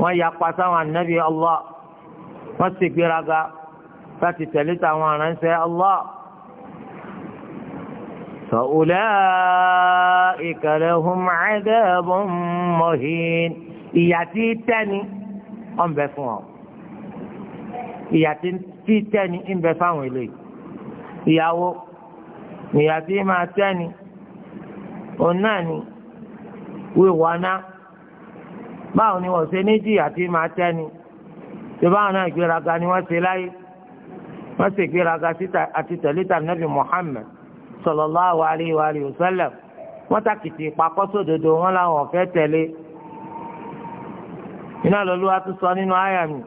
wọ́n ya pàṣẹ àwọn ànábì Allah wọ́n sì gbéraga láti tẹ̀lé tàwọn aránṣẹ́ Allah. فأولئك لَهُمْ عَذَابٌ مهين ìyà tí tẹ́ni ń bẹ fún ọ ìyà tí tẹ́ni ń bẹ fáwọn eléyìí ìyàwó ìyà tí máa tẹ́ni òun náà ni wíwọ náà báwo ni wọ́n ṣe ní jìyà máa tẹ́ni ṣé báwọn náà ìgbéraga ni wọ́n ṣe láyé wọ́n ṣe ìgbéraga àti tẹ̀lé tàbí nàbì Muhammad sallallahu alaihi wa alihi wasallam wọ́n tàkìtì ìpapọ̀ sódodo wọn làwọn ọ̀fẹ́ tẹ̀lé iná lọ́lúwa tó sọ nínú àyà mi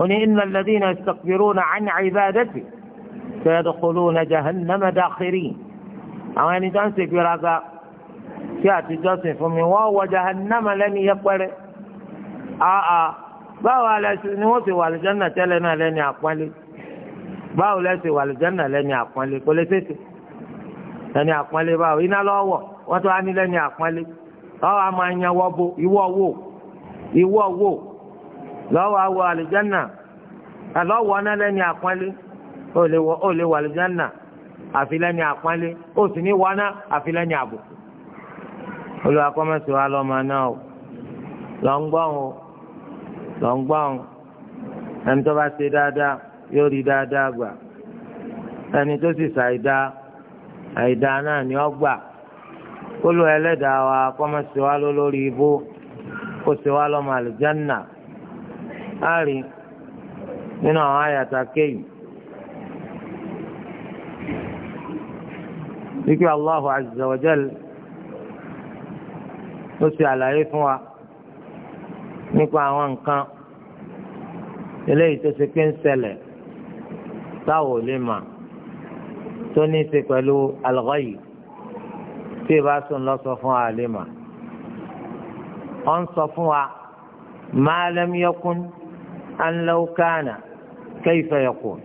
òní innal ladhina yastakbiruna an ibadati sayadkhuluna jahannama dakhirin àwọn ẹni tó ń ṣègbéraga kí àtijọ́ sìn fún mi wọ́n wọ jahannama lẹ́ni yẹpẹrẹ àà báwo alẹ́sìn ni wọ́n ti wà lẹ́jọ́ náà tẹ́lẹ̀ náà lẹ́ni àpọ́nlé báwo lẹ́sìn wà lẹ́jọ́ náà lẹ́ni àpọ́nlé kò lè tètè ẹni àpọ́nlé báwo iná lọ́wọ́ wọ́n tó wá nílẹ̀ ní àpọ́nlé lọ́wọ́ a máa yan wọ́bo ìwọ wò ìwọ wò lọ́wọ́ awọ àlùjánà lọ́wọ́ ọ̀nà lẹ́ni àpọ́nlé ó lè wọ àlùjánà àfi lẹ́ni àpọ́nlé ó sì ní wọ́nà àfi lẹ́ni àbùkù. olùwàkọ́mọ̀sí wa lọ́ọ́ máa náà o lọ́ ń gbọ́n o lọ́ ń gbọ́n o ẹni tó bá ṣe dáadáa yóò rí dáadáa gbà ẹni tó sì ṣàìdáa àìdá náà ni ọ gbà kólú ẹlẹ́dàá wa kó má ṣe wá lólórí ibú kó ṣe wá lọ́mọ àlùjánà láàrí nínú àwọn àyàtà kéyì. Bíkí Allahu Azza wa Jal ló ṣe àlàyé fún wa nípa àwọn nǹkan eléyìí tó ṣe pé ń ṣẹlẹ̀ táwọn ò lè mọ̀ tó ní í ṣe pẹ̀lú alghayb tí ì bá sùn lọ sọ fún àlèmà ọ ń sọ fún wa ma lam yakun an law kana kayfa yakun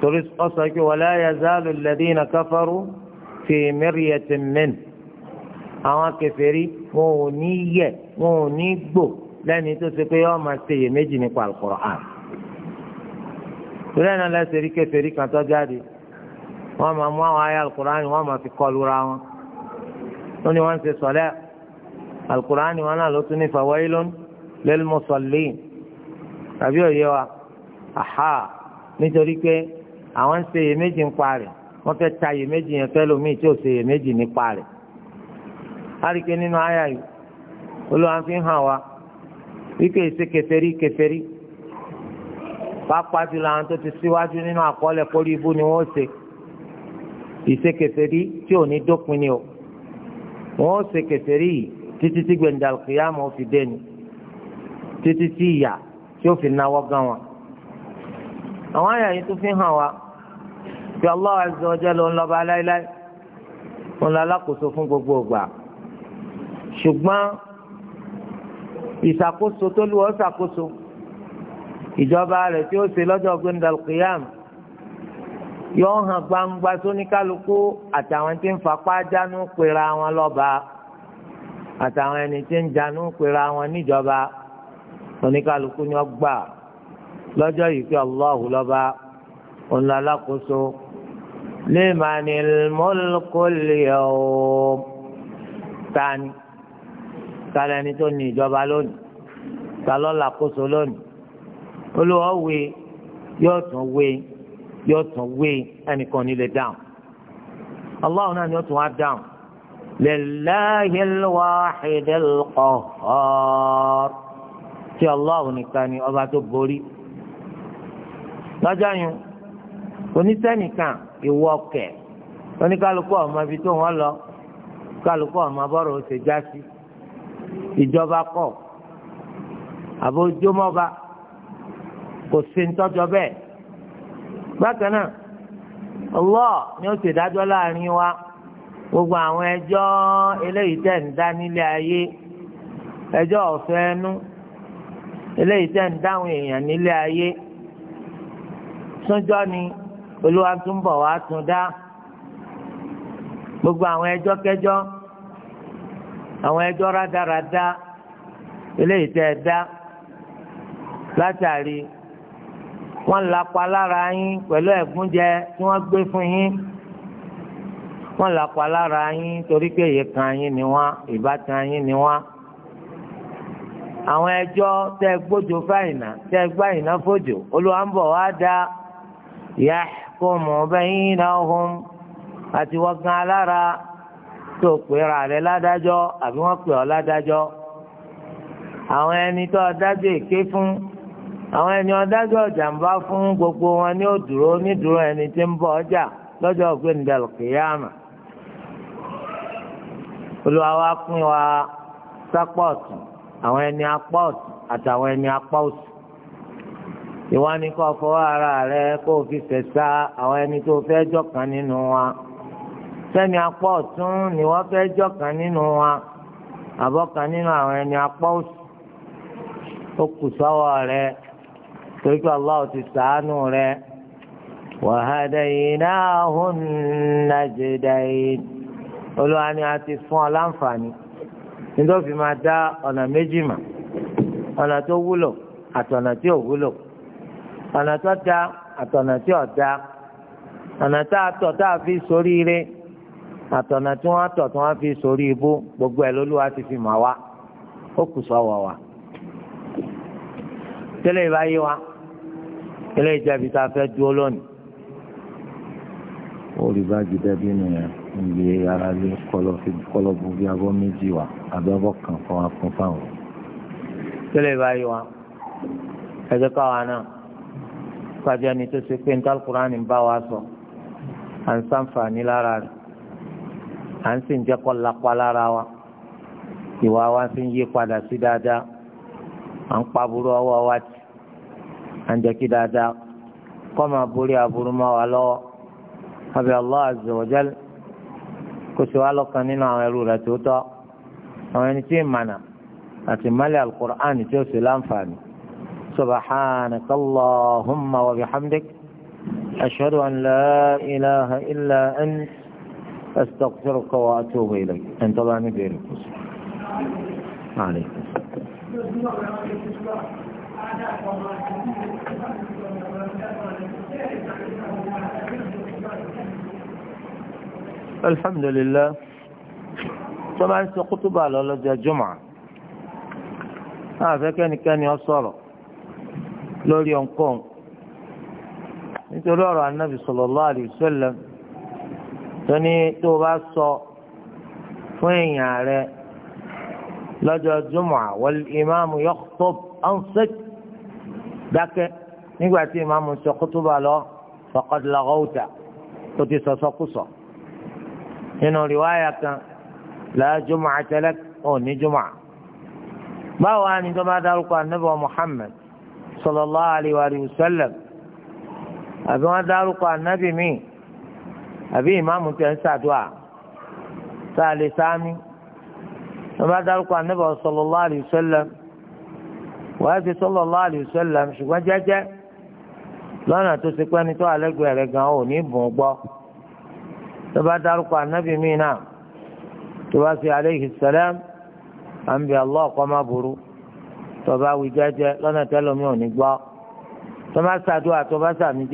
torí ọ sọ pé wala yazalu alladhina kafaru fi miryatin min àwọn kèfèrí wọn ò ní yẹ̀ wọn ò ní gbò lẹ́ni tó ṣe pé ó máa ṣiyèméjì nípa al-Qur'an. torí lẹ́sẹ̀ rí kèfèrí kan tó jáde wọ́n máa mú àwọn ayé alukur'an wọ́n máa fi kọlu ra wọn wọ́n ní wọ́n ń ṣe sọ̀lẹ́ alukur'an wọn náà ló tún ní fawailun lil musallin tàbí òye wa aha nítorí pé àwọn ń ṣe iyèméjì ń parẹ́ wọ́n fẹ́ ta iyèméjì yẹn fẹ́ lómi tí ò ṣe iyèméjì ní parẹ́ àríkè nínú ayé yìí olúwa fi hàn wá wípé ìṣe kèfèrí kèfèrí pápá jùlọ àwọn tó ti síwájú nínú àkọọ́lẹ̀ kórìíbù ni wọ́n ṣe ìsekèsèrí tí ò ní dópin ni o wọn ó sekèsèrí yìí títí tí gbẹ̀ndàlùkìyàmù ó fi dé ni títí tí ìyà tí ó fi náwó gan wọn. àwọn àyà yìí tún fi hàn wa bí Allah azza wa jalla ló ń lọ́ba láéláé wọn lọ alákòóso fún gbogbo ìgbà ṣùgbọ́n ìṣàkóso tó lù ọ́ ṣàkóso ìjọba rẹ̀ tí ó ṣe lọ́jọ́ gbẹ̀ndàlùkìyàmù yọ hàn gbangba sóníkálukú àtàwọn tí ń fapá dánú pera wọn lọ́ba àtàwọn ẹni tí ń dánú pera wọn níjọba oníkálukú ni wọ́n gbà lọ́jọ́ yìí kí Allahu lọ́ba òun lọ alákòóso limanil mulkul yawm tani tani ẹni tó ní ìjọba lónìí ta làkóso lónìí olùwọ́ wé yóò tún wé yóò tún wé ẹnìkan nílé dáhùn Allah náà ni ó tún wá dáhùn lillahi al-wahid al-qahhar tí Allah nìkan ni ọba tó borí lọ́jọ́ yẹn onísẹ́nìkan ìwọ kẹ̀ oníkálukú ọmọ ibi tó wọ́n lọ kálukú ọmọ bọ́rọ̀ ó ṣe já sí ìjọba kọ̀ àbójúmọ́ba kò sí ń tọ́jọ́ bẹ́ẹ̀. bákan náà Allah ni ó ṣe dájọ́ láàrin wa gbogbo àwọn ẹjọ́ eléyìí tẹ̀ ń dá nílé ayé ẹjọ́ ọ̀fẹ́ ẹnu eléyìí tẹ̀ ń dáhùn èèyàn nílé ayé túnjọ́ ni olúwa tún wá tún dá gbogbo àwọn ẹjọ́ kẹjọ́ àwọn ẹjọ́ rádaràda eléyìí tẹ̀ dá látàrí. wọ́n lapa lára yín pẹ̀lú ẹ̀gúnjẹ tí wọ́n gbé fún yín wọ́n lapa lára yín torí pé kan yín ni wọ́n ìbátan yín ni wọ́n àwọn ẹjọ́ tẹ gbójú fáìnà tẹ gbáyìnà fòjò olúwa ń bọ̀ wá dá yahkumu bainahum àti wọ́n gan alára tó pera rẹ̀ ládájọ́ àbí wọ́n pè ọ́ ládájọ́ àwọn ẹni tó dájọ́ èké fún àwọn ẹni ọ̀dájọ́ ọjà ń fún gbogbo wọn ní òdúró nídúró ẹni tí ń bọ ọjà lọ́jọ́ gbẹ̀ndẹ̀lù kìyàmà olùwà wa pín wa sápọ̀tù àwọn ẹni apọ̀tù àtàwọn ẹni apọ̀tù ìwọ fọwọ́ ara rẹ kó o fi fẹ̀sà àwọn ẹni tó fẹ́ jọ̀kan nínú wa sẹ́ni apọ̀ ọ̀tún ni wọ́n fẹ́ jọ̀kan nínú wa àbọ̀kan nínú àwọn ẹni apọ̀ òsì ó kù sọ́wọ́ rẹ̀. torí pé Allah ti sàánú rẹ̀ wahadaynahun najdayn olúwa ni a ti fún ọ nítorí máa dá ọ̀nà méjì mà ọ̀nà tó wúlò àtọ̀nà tí ò wúlò ọ̀nà tó dá àtọ̀nà tí ò dá ọ̀nà tá a tọ̀ tá a fi sórí ire àtọ̀nà tí wọ́n tọ̀ fi sórí ibú gbogbo ẹ̀ lólúwa ti fi mà wá ó kù sọ́wọ́ tẹ́lẹ̀ wa. ilé ìjẹ́bi tá a fẹ́ dúró lónìí. ó rí báàgì dẹ́bí nù yẹn níbi ara lé kọlọ bu bí abọ́ méjì wá àbí abọ́ kan fún wa fún fáwọn. tẹ́lẹ̀ báyìí wa ẹ̀jẹ̀ káwa náà pàjẹ́ ni tó ṣe pé ní tálkùránì ń bá wa sọ à ń sàǹfààní lára rẹ̀ à ń sì ń jẹ́kọ́ lápá lára wa ìwà wa sì ń yí padà sí dáadáa à ń pa burú ọwọ́ wa tì à ń jẹ́ kí dáadáa kọ́ máa borí aburú mọ́ wa lọ́wọ́ àbí Allah azza wa jal kó sì wá lọ́kàn nínú àwọn ẹrú rẹ̀ tó tọ́ àwọn ẹni tí ì mànà àti mali al-Qur'an tí ó sì láǹfààní Allahumma wa bihamdik ashhadu an la ilaha illa ant astaghfiruka wa atubu ilayk ẹni tó bá ní الحمد لله طبعا سقطوا على الله جمعة هذا كان كان يصار لولي ينقوم يتلوا على النبي صلى الله عليه وسلم تني توبا الصو وين يعني لجا الجمعة والإمام يخطب أنصت dákẹ́ nígbà tí ìmáàmù sọ kútúbà lọ faqad laghawta ó ti sọsọkúsọ nínú rìwáyà kan la jumu'ata lak ò ní jumu'a báwo á ní tó bá dárúkọ ànábì Muhammad sallallahu alayhi wa sallam àbí wọn dárúkọ ànábì míì àbí ìmáàmù tẹ̀ ń ṣàdúà tá a lè sáámi wọn bá dárúkọ ànábì sallallahu alayhi wa wàá ṣe sallallahu alaihi wasallam ṣùgbọ́n jẹjẹ lọnà tó ṣe pé ẹni tó àlẹ́gbẹ̀ẹ́ rẹ̀ gan ò ní bùn gbọ́ tó bá dárúkọ ànábì míì náà tó bá ṣe alayhi salam à ń bẹ Allah kó má burú tó bá wí jẹ́jẹ́ lọ́nà tẹ́lómi ò ní tó bá ṣàdúrà tó bá ṣàmì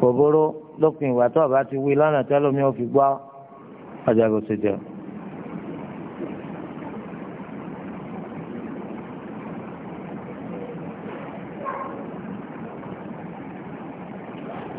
kò burú lópin tó bá ti wí ò fi ọjà